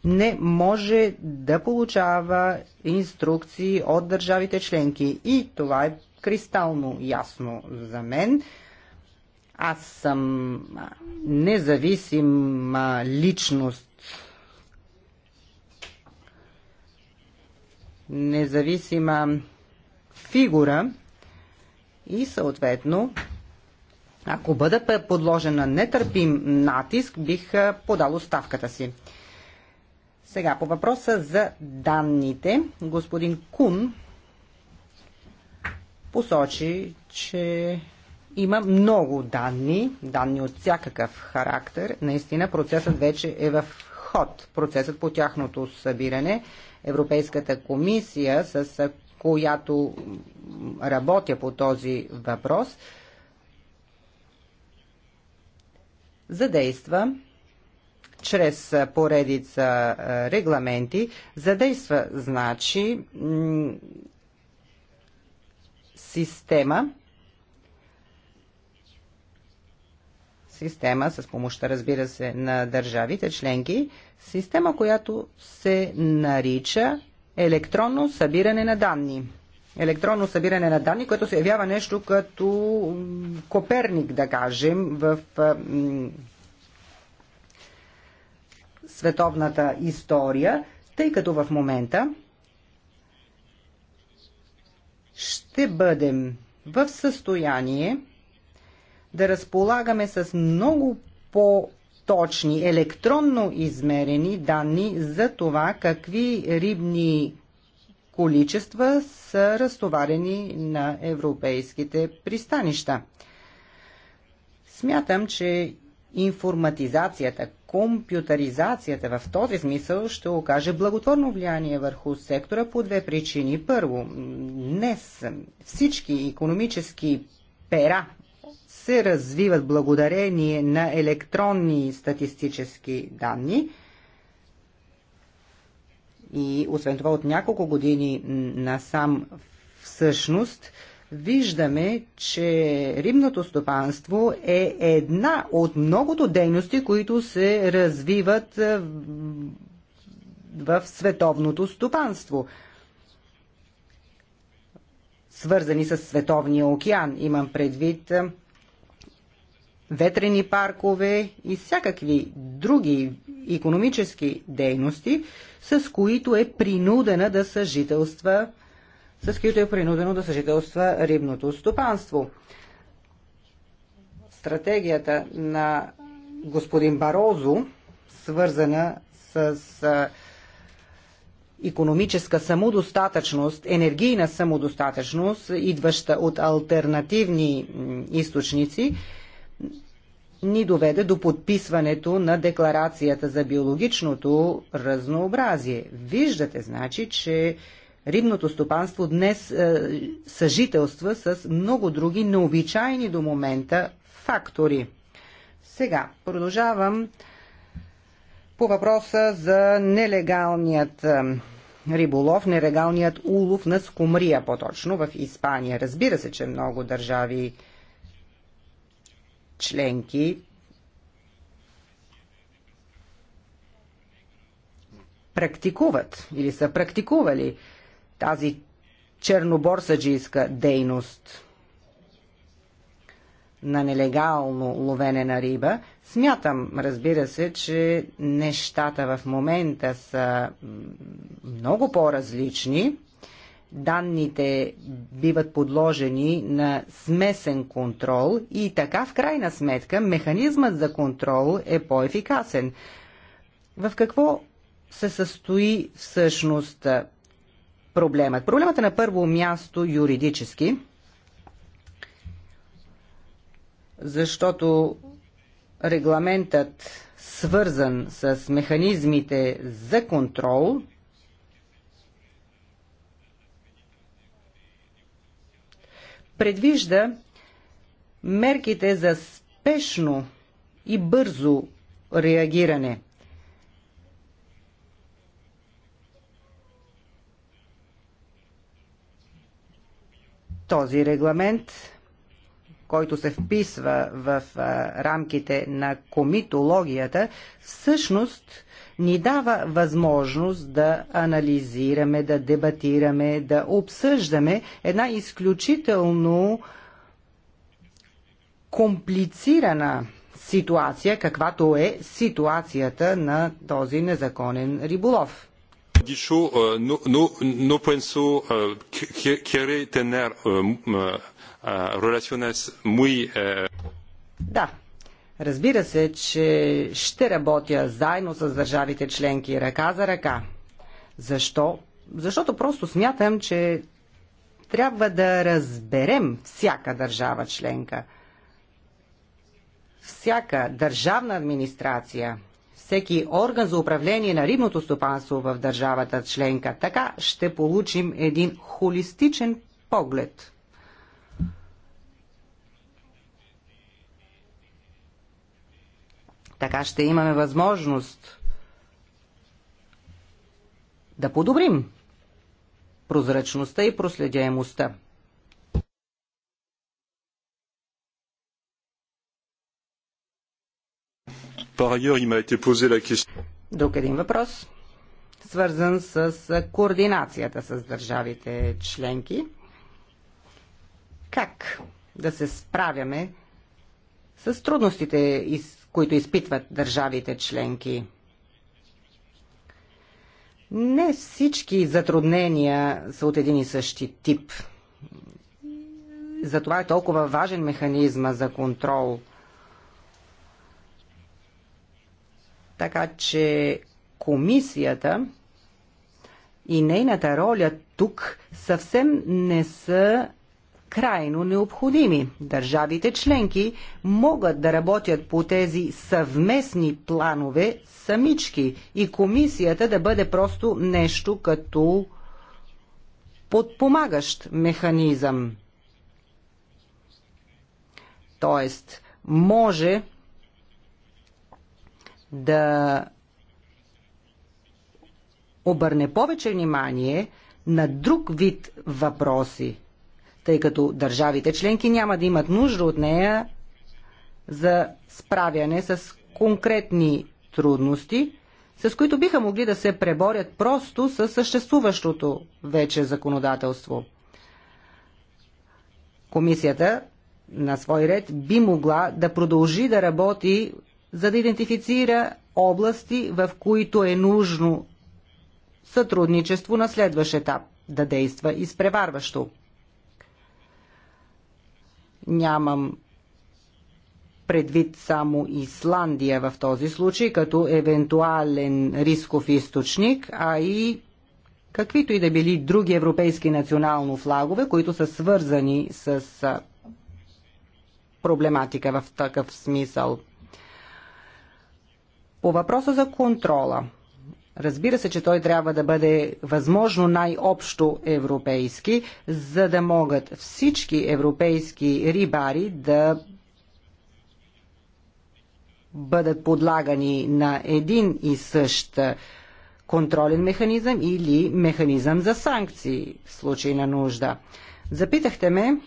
не може да получава инструкции от държавите членки. И това е кристално ясно за мен. Аз съм независима личност. Независима фигура и съответно ако бъда подложен на нетърпим натиск, бих подал оставката си. Сега по въпроса за данните, господин Кун посочи, че има много данни, данни от всякакъв характер. Наистина процесът вече е в ход. Процесът по тяхното събиране. Европейската комисия, с която работя по този въпрос, задейства чрез поредица регламенти, задейства значи система, система, с помощта, разбира се, на държавите членки, система, която се нарича електронно събиране на данни. Електронно събиране на данни, което се явява нещо като Коперник, да кажем, в световната история, тъй като в момента ще бъдем в състояние да разполагаме с много по точни, електронно измерени данни за това какви рибни количества са разтоварени на европейските пристанища. Смятам, че информатизацията, компютъризацията в този смисъл ще окаже благотворно влияние върху сектора по две причини. Първо, днес всички економически пера се развиват благодарение на електронни статистически данни. И освен това от няколко години насам всъщност виждаме, че рибното стопанство е една от многото дейности, които се развиват в световното стопанство. Свързани с Световния океан, имам предвид ветрени паркове и всякакви други економически дейности, с които е принудена да съжителства с които е принудено да съжителства рибното стопанство. Стратегията на господин Барозо, свързана с економическа самодостатъчност, енергийна самодостатъчност, идваща от альтернативни източници, ни доведе до подписването на Декларацията за биологичното разнообразие. Виждате, значи, че рибното стопанство днес е, съжителства с много други необичайни до момента фактори. Сега продължавам по въпроса за нелегалният е, риболов, нелегалният улов на скумрия по-точно в Испания. Разбира се, че много държави членки практикуват или са практикували тази черноборсаджийска дейност на нелегално ловене на риба. Смятам, разбира се, че нещата в момента са много по-различни данните биват подложени на смесен контрол и така в крайна сметка механизмът за контрол е по-ефикасен. В какво се състои всъщност проблемът? Проблемът е на първо място юридически, защото регламентът свързан с механизмите за контрол – предвижда мерките за спешно и бързо реагиране. Този регламент, който се вписва в рамките на комитологията, всъщност – ни дава възможност да анализираме, да дебатираме, да обсъждаме една изключително комплицирана ситуация, каквато е ситуацията на този незаконен риболов. Dicho, no, no, no pienso que, quiere Да, Разбира се, че ще работя заедно с държавите членки ръка за ръка. Защо? Защото просто смятам, че трябва да разберем всяка държава членка. Всяка държавна администрация, всеки орган за управление на рибното стопанство в държавата членка. Така ще получим един холистичен поглед Така ще имаме възможност да подобрим прозрачността и проследяемостта. Друг един въпрос, свързан с координацията с държавите членки. Как да се справяме с трудностите, и които изпитват държавите членки. Не всички затруднения са от един и същи тип. Затова е толкова важен механизма за контрол. Така че комисията и нейната роля тук съвсем не са крайно необходими. Държавите членки могат да работят по тези съвместни планове самички и комисията да бъде просто нещо като подпомагащ механизъм. Тоест, може да обърне повече внимание на друг вид въпроси – тъй като държавите членки няма да имат нужда от нея за справяне с конкретни трудности, с които биха могли да се преборят просто с съществуващото вече законодателство. Комисията на свой ред би могла да продължи да работи, за да идентифицира области, в които е нужно сътрудничество на следващ етап, да действа изпреварващо. Нямам предвид само Исландия в този случай, като евентуален рисков източник, а и каквито и да били други европейски национално флагове, които са свързани с проблематика в такъв смисъл. По въпроса за контрола – Разбира се, че той трябва да бъде възможно най-общо европейски, за да могат всички европейски рибари да бъдат подлагани на един и същ контролен механизъм или механизъм за санкции в случай на нужда. Запитахте ме,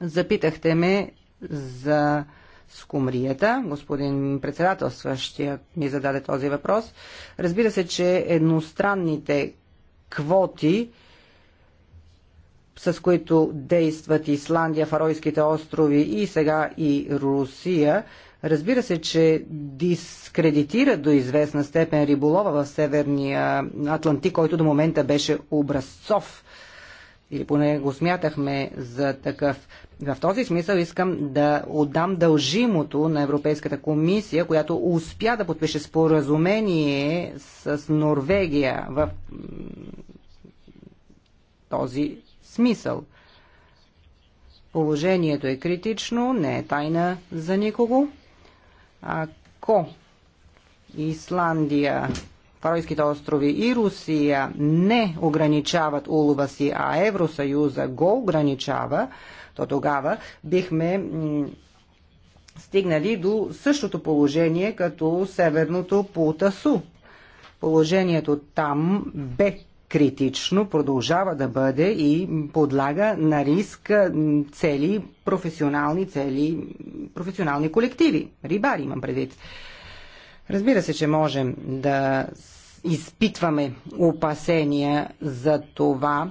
запитахте ме за скумрията. Господин председателстващия ми зададе този въпрос. Разбира се, че едностранните квоти с които действат Исландия, Фаройските острови и сега и Русия, разбира се, че дискредитира до известна степен риболова в Северния Атлантик, който до момента беше образцов или поне го смятахме за такъв. В този смисъл искам да отдам дължимото на Европейската комисия, която успя да подпише споразумение с Норвегия в този смисъл. Положението е критично, не е тайна за никого. Ако Исландия Паройските острови и Русия не ограничават улова си, а Евросъюза го ограничава, то тогава бихме стигнали до същото положение като северното Путасу. Положението там бе критично, продължава да бъде и подлага на риск цели професионални, цели професионални колективи. Рибари имам предвид. Разбира се, че можем да изпитваме опасения за това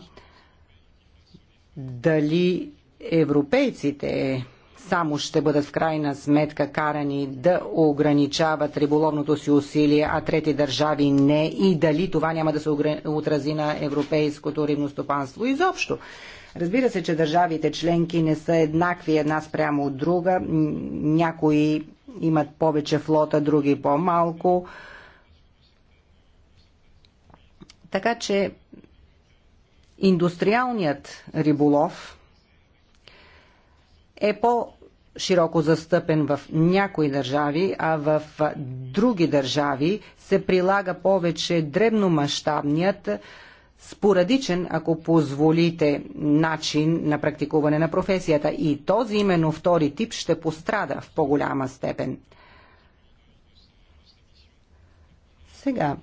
дали европейците само ще бъдат в крайна сметка карани да ограничават риболовното си усилие, а трети държави не и дали това няма да се отрази на европейското рибностопанство изобщо. Разбира се, че държавите членки не са еднакви една спрямо от друга. Някои имат повече флота, други по-малко. Така че индустриалният риболов е по- широко застъпен в някои държави, а в други държави се прилага повече дребномащабният спорадичен, ако позволите, начин на практикуване на професията. И този именно втори тип ще пострада в по-голяма степен. Сега,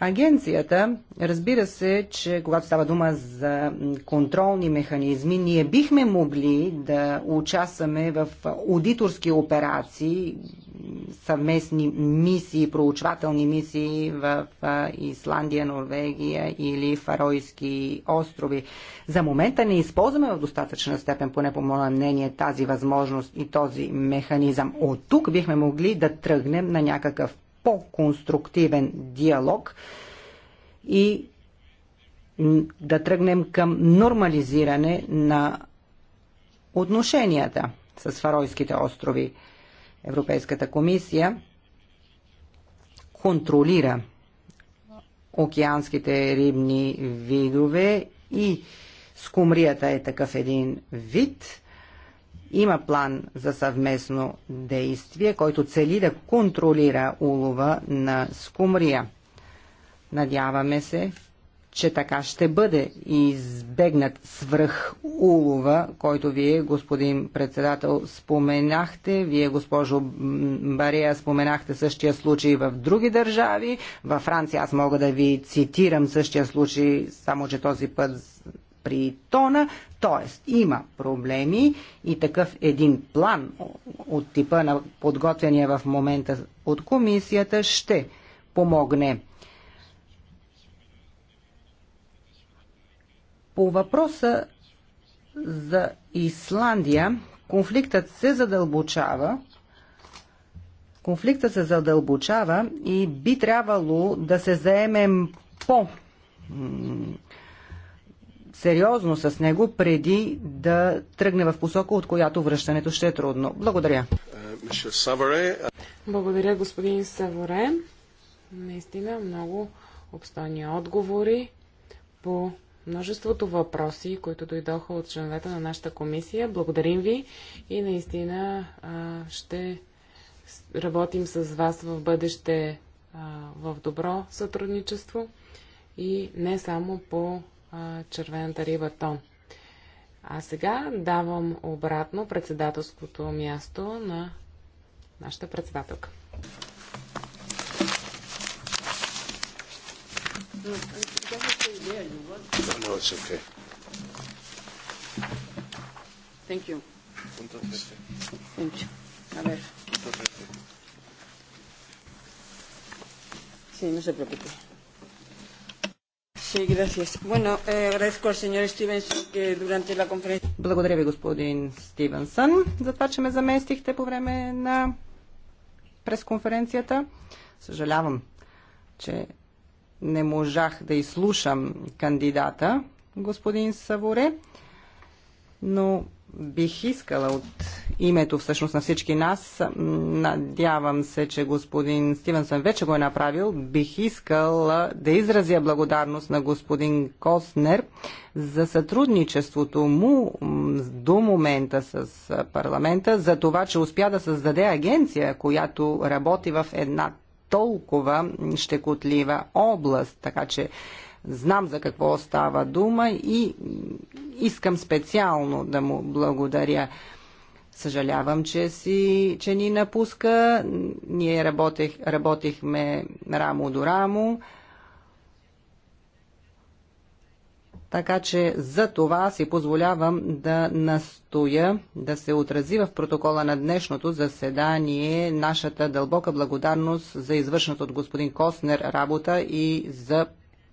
Агенцията, разбира се, че когато става дума за контролни механизми, ние бихме могли да участваме в аудиторски операции, съвместни мисии, проучвателни мисии в Исландия, Норвегия или Фаройски острови. За момента не използваме в достатъчна степен, поне по мое мнение, тази възможност и този механизъм. От тук бихме могли да тръгнем на някакъв по-конструктивен диалог и да тръгнем към нормализиране на отношенията с Фаройските острови. Европейската комисия контролира океанските рибни видове и скумрията е такъв един вид – има план за съвместно действие, който цели да контролира улова на скумрия. Надяваме се, че така ще бъде избегнат свръх улова, който вие, господин председател, споменахте. Вие, госпожо Бария, споменахте същия случай в други държави. Във Франция аз мога да ви цитирам същия случай, само че този път при тона, т.е. има проблеми и такъв един план от типа на подготвяния в момента от комисията ще помогне. По въпроса за Исландия, конфликтът се задълбочава. Конфликтът се задълбочава и би трябвало да се заемем по сериозно с него, преди да тръгне в посока, от която връщането ще е трудно. Благодаря. Благодаря, господин Саворе. Наистина много обстойни отговори по множеството въпроси, които дойдоха от членовете на нашата комисия. Благодарим ви и наистина ще работим с вас в бъдеще в добро сътрудничество и не само по а, червената риба тон. А сега давам обратно председателското място на нашата председателка. No, it's okay. Thank you. Thank you. A ver. Sí, no se preocupe. Eh, Благодаря ви, господин Стивенсън, за това, че ме заместихте по време на пресконференцията. Съжалявам, че не можах да изслушам кандидата, господин Саворе, но бих искала от името всъщност на всички нас, надявам се, че господин Стивенсън вече го е направил, бих искала да изразя благодарност на господин Коснер за сътрудничеството му до момента с парламента, за това, че успя да създаде агенция, която работи в една толкова щекотлива област. Така че знам за какво става дума и искам специално да му благодаря. Съжалявам, че, си, че ни напуска. Ние работех, работихме рамо до рамо. Така че за това си позволявам да настоя да се отрази в протокола на днешното заседание нашата дълбока благодарност за извършната от господин Коснер работа и за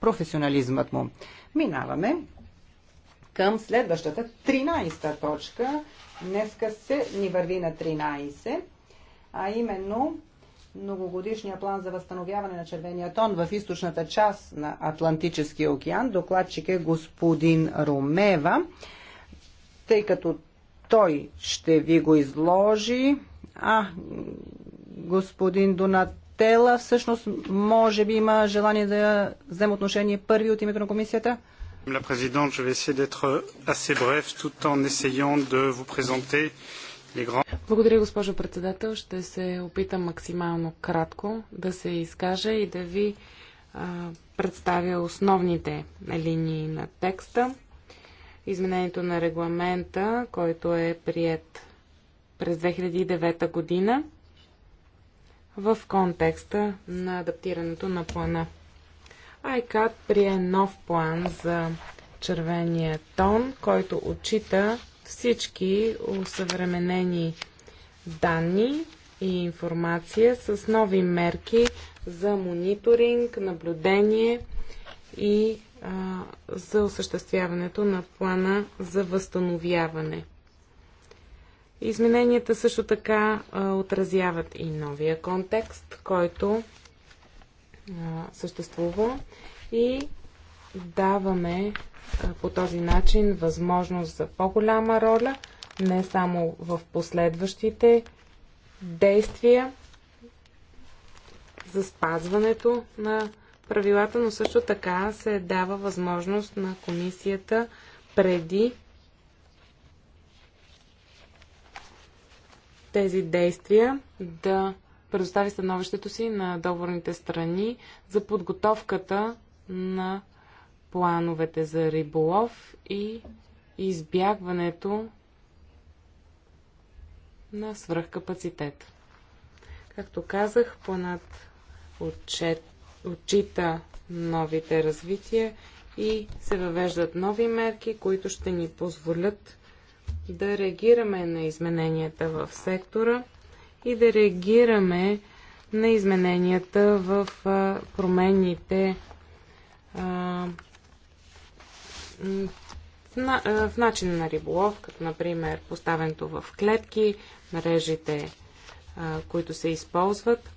професионализмът му. Минаваме към следващата 13-та точка. Днеска се ни върви на 13, а именно многогодишния план за възстановяване на червения тон в източната част на Атлантическия океан. Докладчик е господин Ромева. Тъй като той ще ви го изложи, а господин Донат Тела всъщност може би има желание да вземе отношение първи от името на комисията. La Présidente, je vais essayer d'être assez bref tout en essayant de vous présenter les grands... Благодаря, госпожо председател. Ще се опитам максимално кратко да се изкажа и да ви а, представя основните линии на текста. Изменението на регламента, който е прият през 2009 година в контекста на адаптирането на плана. ICAT прие нов план за червения тон, който отчита всички усъвременени данни и информация с нови мерки за мониторинг, наблюдение и а, за осъществяването на плана за възстановяване. Измененията също така отразяват и новия контекст, който съществува и даваме по този начин възможност за по-голяма роля, не само в последващите действия за спазването на правилата, но също така се дава възможност на комисията преди тези действия да предостави становището си на договорните страни за подготовката на плановете за риболов и избягването на свръхкапацитет. Както казах, планът отчет, отчита новите развития и се въвеждат нови мерки, които ще ни позволят да реагираме на измененията в сектора и да реагираме на измененията в промените в начина на риболов, като например поставенето в клетки, мрежите, които се използват.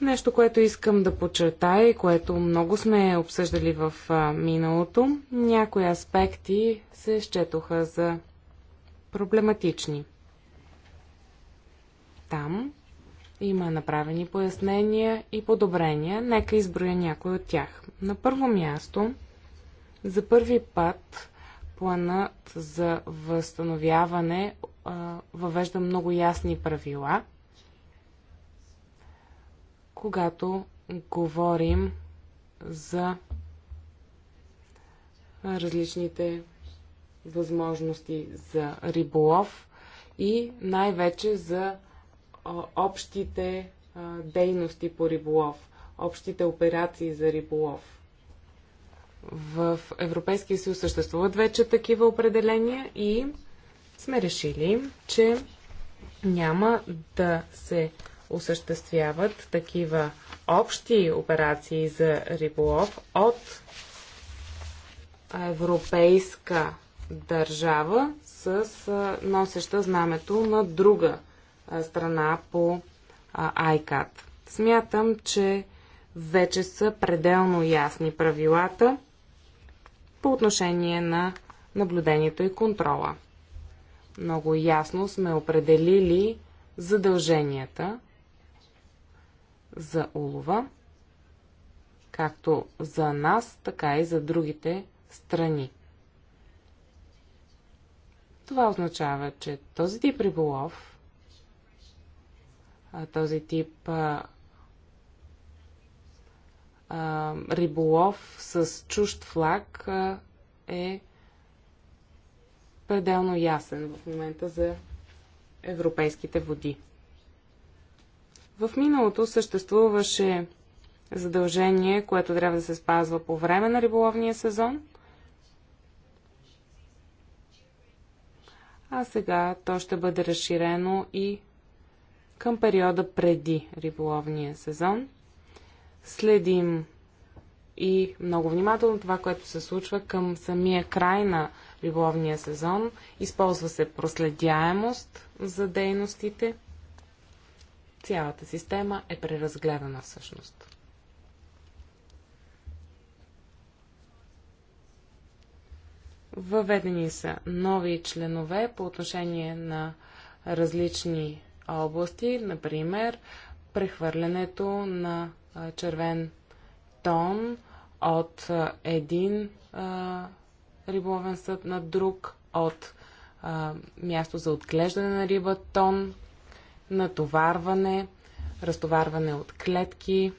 Нещо, което искам да подчертая и което много сме обсъждали в миналото, някои аспекти се счетоха за проблематични. Там има направени пояснения и подобрения. Нека изброя някои от тях. На първо място, за първи път планът за възстановяване а, въвежда много ясни правила – когато говорим за различните възможности за риболов и най-вече за общите дейности по риболов, общите операции за риболов. В Европейския съюз съществуват вече такива определения и сме решили, че няма да се осъществяват такива общи операции за риболов от европейска държава с носеща знамето на друга страна по ICAT. Смятам, че вече са пределно ясни правилата по отношение на наблюдението и контрола. Много ясно сме определили задълженията за улова, както за нас, така и за другите страни. Това означава, че този тип риболов, този тип а, а, риболов с чужд флаг а, е пределно ясен в момента за европейските води. В миналото съществуваше задължение, което трябва да се спазва по време на риболовния сезон, а сега то ще бъде разширено и към периода преди риболовния сезон. Следим и много внимателно това, което се случва към самия край на риболовния сезон. Използва се проследяемост за дейностите – Цялата система е преразгледана всъщност. Въведени са нови членове по отношение на различни области, например прехвърлянето на червен тон от един рибовен съд на друг, от място за отглеждане на риба тон натоварване, разтоварване от клетки.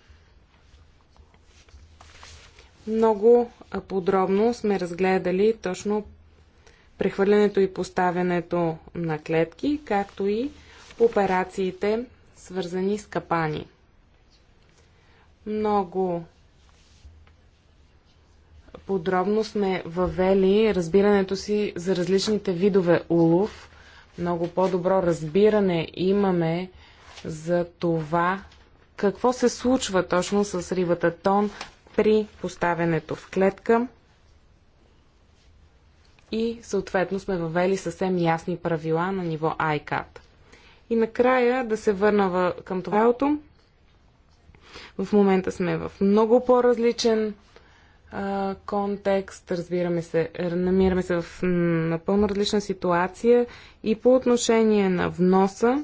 Много подробно сме разгледали точно прехвърлянето и поставянето на клетки, както и операциите, свързани с капани. Много подробно сме въвели разбирането си за различните видове улов много по-добро разбиране имаме за това какво се случва точно с рибата тон при поставянето в клетка. И съответно сме въвели съвсем ясни правила на ниво ICAT. И накрая да се върна към това. В момента сме в много по-различен а, контекст, разбираме се, намираме се в напълно различна ситуация и по отношение на вноса,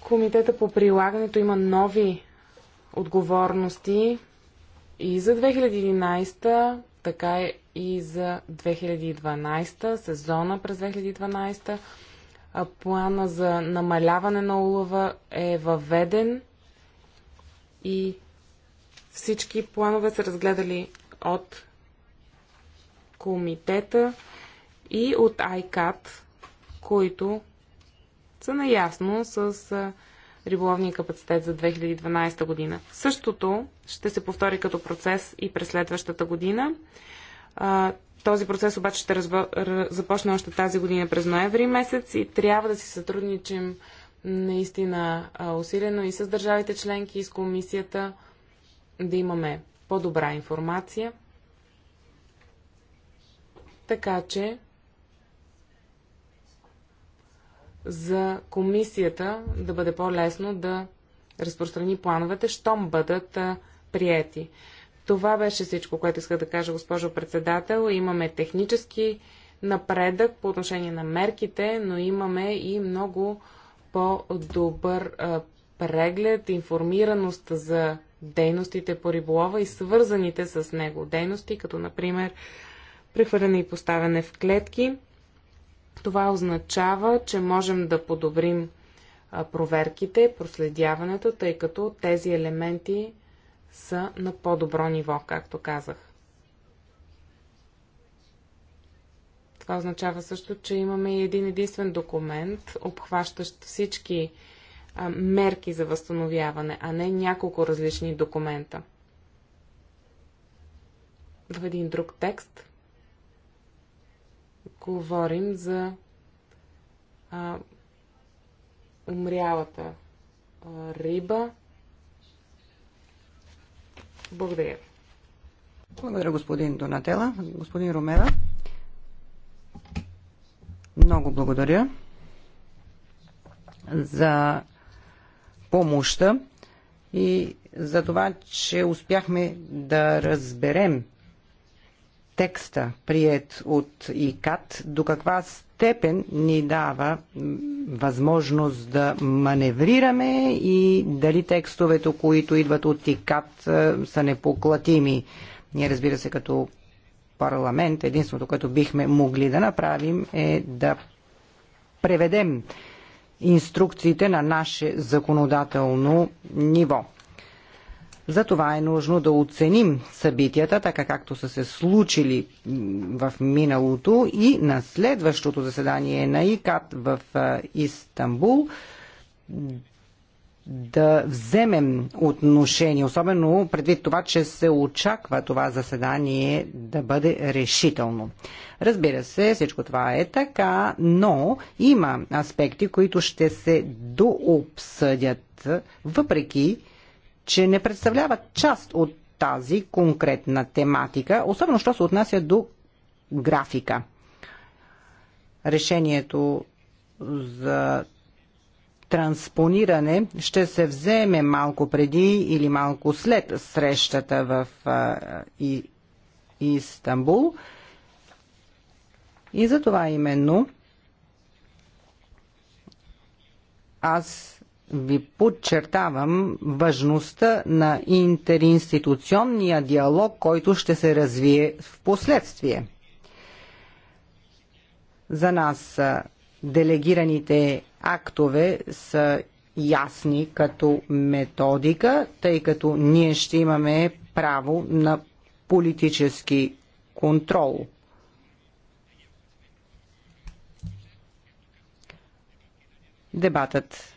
Комитета по прилагането има нови отговорности и за 2011, така и за 2012, сезона през 2012 плана за намаляване на улова е въведен и всички планове са разгледали от комитета и от ICAT, които са наясно с риболовния капацитет за 2012 година. Същото ще се повтори като процес и през следващата година. Този процес обаче ще разбо... започне още тази година през ноември месец и трябва да си сътрудничим наистина усилено и с държавите членки, и с комисията, да имаме по-добра информация. Така че за комисията да бъде по-лесно да разпространи плановете, щом бъдат а, приети. Това беше всичко, което исках да кажа, госпожо председател. Имаме технически напредък по отношение на мерките, но имаме и много по-добър преглед, информираност за дейностите по риболова и свързаните с него дейности, като например прехвърляне и поставяне в клетки. Това означава, че можем да подобрим проверките, проследяването, тъй като тези елементи са на по-добро ниво, както казах. Това означава също, че имаме и един единствен документ, обхващащ всички а, мерки за възстановяване, а не няколко различни документа. В един друг текст говорим за а, умрялата а, риба благодаря. Благодаря, господин Донатела. Господин Ромера. Много благодаря за помощта и за това, че успяхме да разберем текста, прият от ИКАТ, до каква степен ни дава възможност да маневрираме и дали текстовете, които идват от ИКАТ, е, са непоклатими. Ние, разбира се, като парламент, единственото, което бихме могли да направим е да преведем инструкциите на наше законодателно ниво. Затова е нужно да оценим събитията, така както са се случили в миналото и на следващото заседание на ИКАТ в Истанбул да вземем отношение, особено предвид това, че се очаква това заседание да бъде решително. Разбира се, всичко това е така, но има аспекти, които ще се дообсъдят, въпреки че не представляват част от тази конкретна тематика, особено що се отнася до графика. Решението за транспониране ще се вземе малко преди или малко след срещата в и, Истанбул. И за това именно аз ви подчертавам важността на интеринституционния диалог, който ще се развие в последствие. За нас делегираните актове са ясни като методика, тъй като ние ще имаме право на политически контрол. Дебатът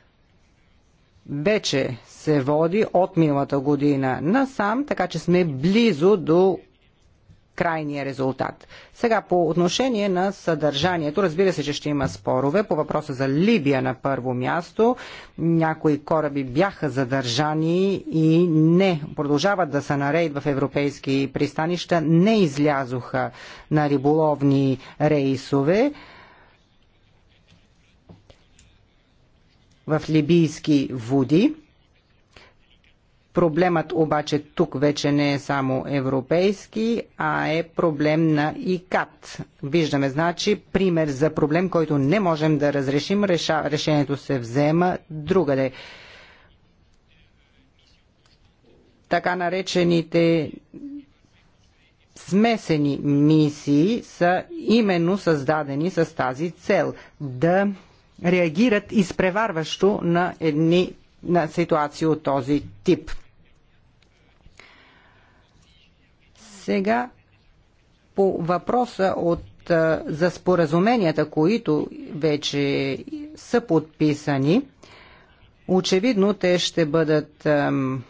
вече се води от миналата година насам, така че сме близо до крайния резултат. Сега по отношение на съдържанието, разбира се, че ще има спорове по въпроса за Либия на първо място. Някои кораби бяха задържани и не продължават да са на рейд в европейски пристанища, не излязоха на риболовни рейсове. в либийски води. Проблемът обаче тук вече не е само европейски, а е проблем на ИКАТ. Виждаме, значи, пример за проблем, който не можем да разрешим. Реша, решението се взема другаде. Така наречените смесени мисии са именно създадени с тази цел да реагират изпреварващо на едни на ситуации от този тип. Сега по въпроса от, за споразуменията, които вече са подписани, очевидно те ще бъдат ам,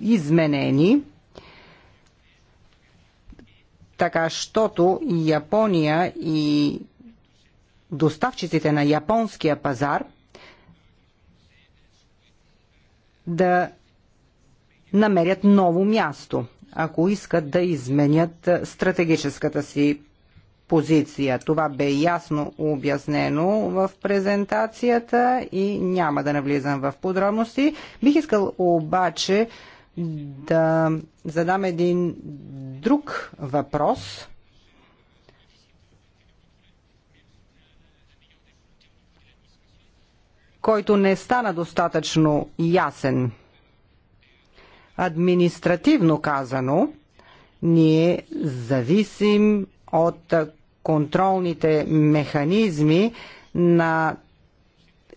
изменени така, щото Япония и доставчиците на японския пазар да намерят ново място, ако искат да изменят стратегическата си позиция. Това бе ясно обяснено в презентацията и няма да навлизам в подробности. Бих искал обаче да задам един друг въпрос – който не стана достатъчно ясен. Административно казано, ние зависим от контролните механизми на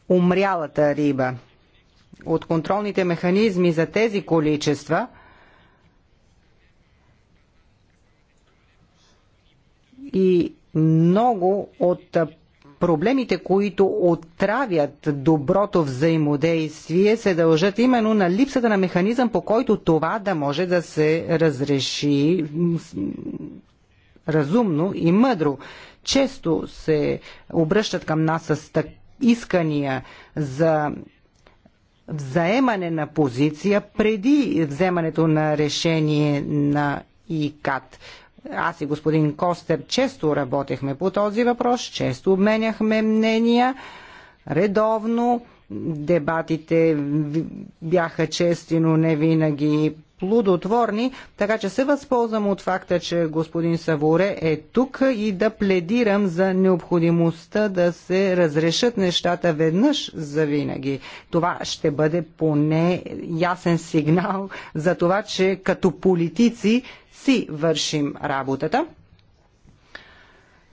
умрялата риба. От контролните механизми за тези количества и много от проблемите, които отравят доброто взаимодействие, се дължат именно на липсата на механизъм, по който това да може да се разреши разумно и мъдро. Често се обръщат към нас с так... искания за взаемане на позиция преди вземането на решение на ИКАТ. Аз и господин Костер често работехме по този въпрос, често обменяхме мнения, редовно. Дебатите бяха чести, но не винаги плодотворни, така че се възползвам от факта, че господин Саворе е тук и да пледирам за необходимостта да се разрешат нещата веднъж за винаги. Това ще бъде поне ясен сигнал за това, че като политици си вършим работата.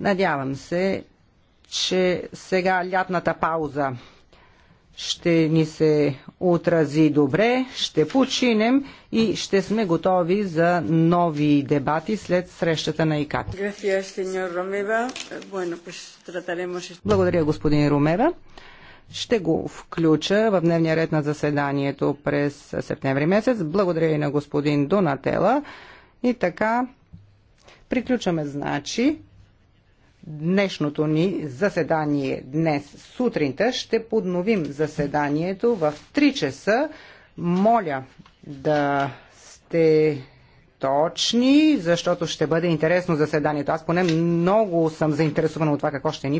Надявам се, че сега лятната пауза ще ни се отрази добре, ще починем и ще сме готови за нови дебати след срещата на ИКАТ. Благодаря, господин Ромева. Ще го включа в дневния ред на заседанието през септември месец. Благодаря и на господин Донатела. И така, приключваме значи днешното ни заседание днес сутринта. Ще подновим заседанието в 3 часа. Моля да сте точни, защото ще бъде интересно заседанието. Аз поне много съм заинтересована от това какво ще ни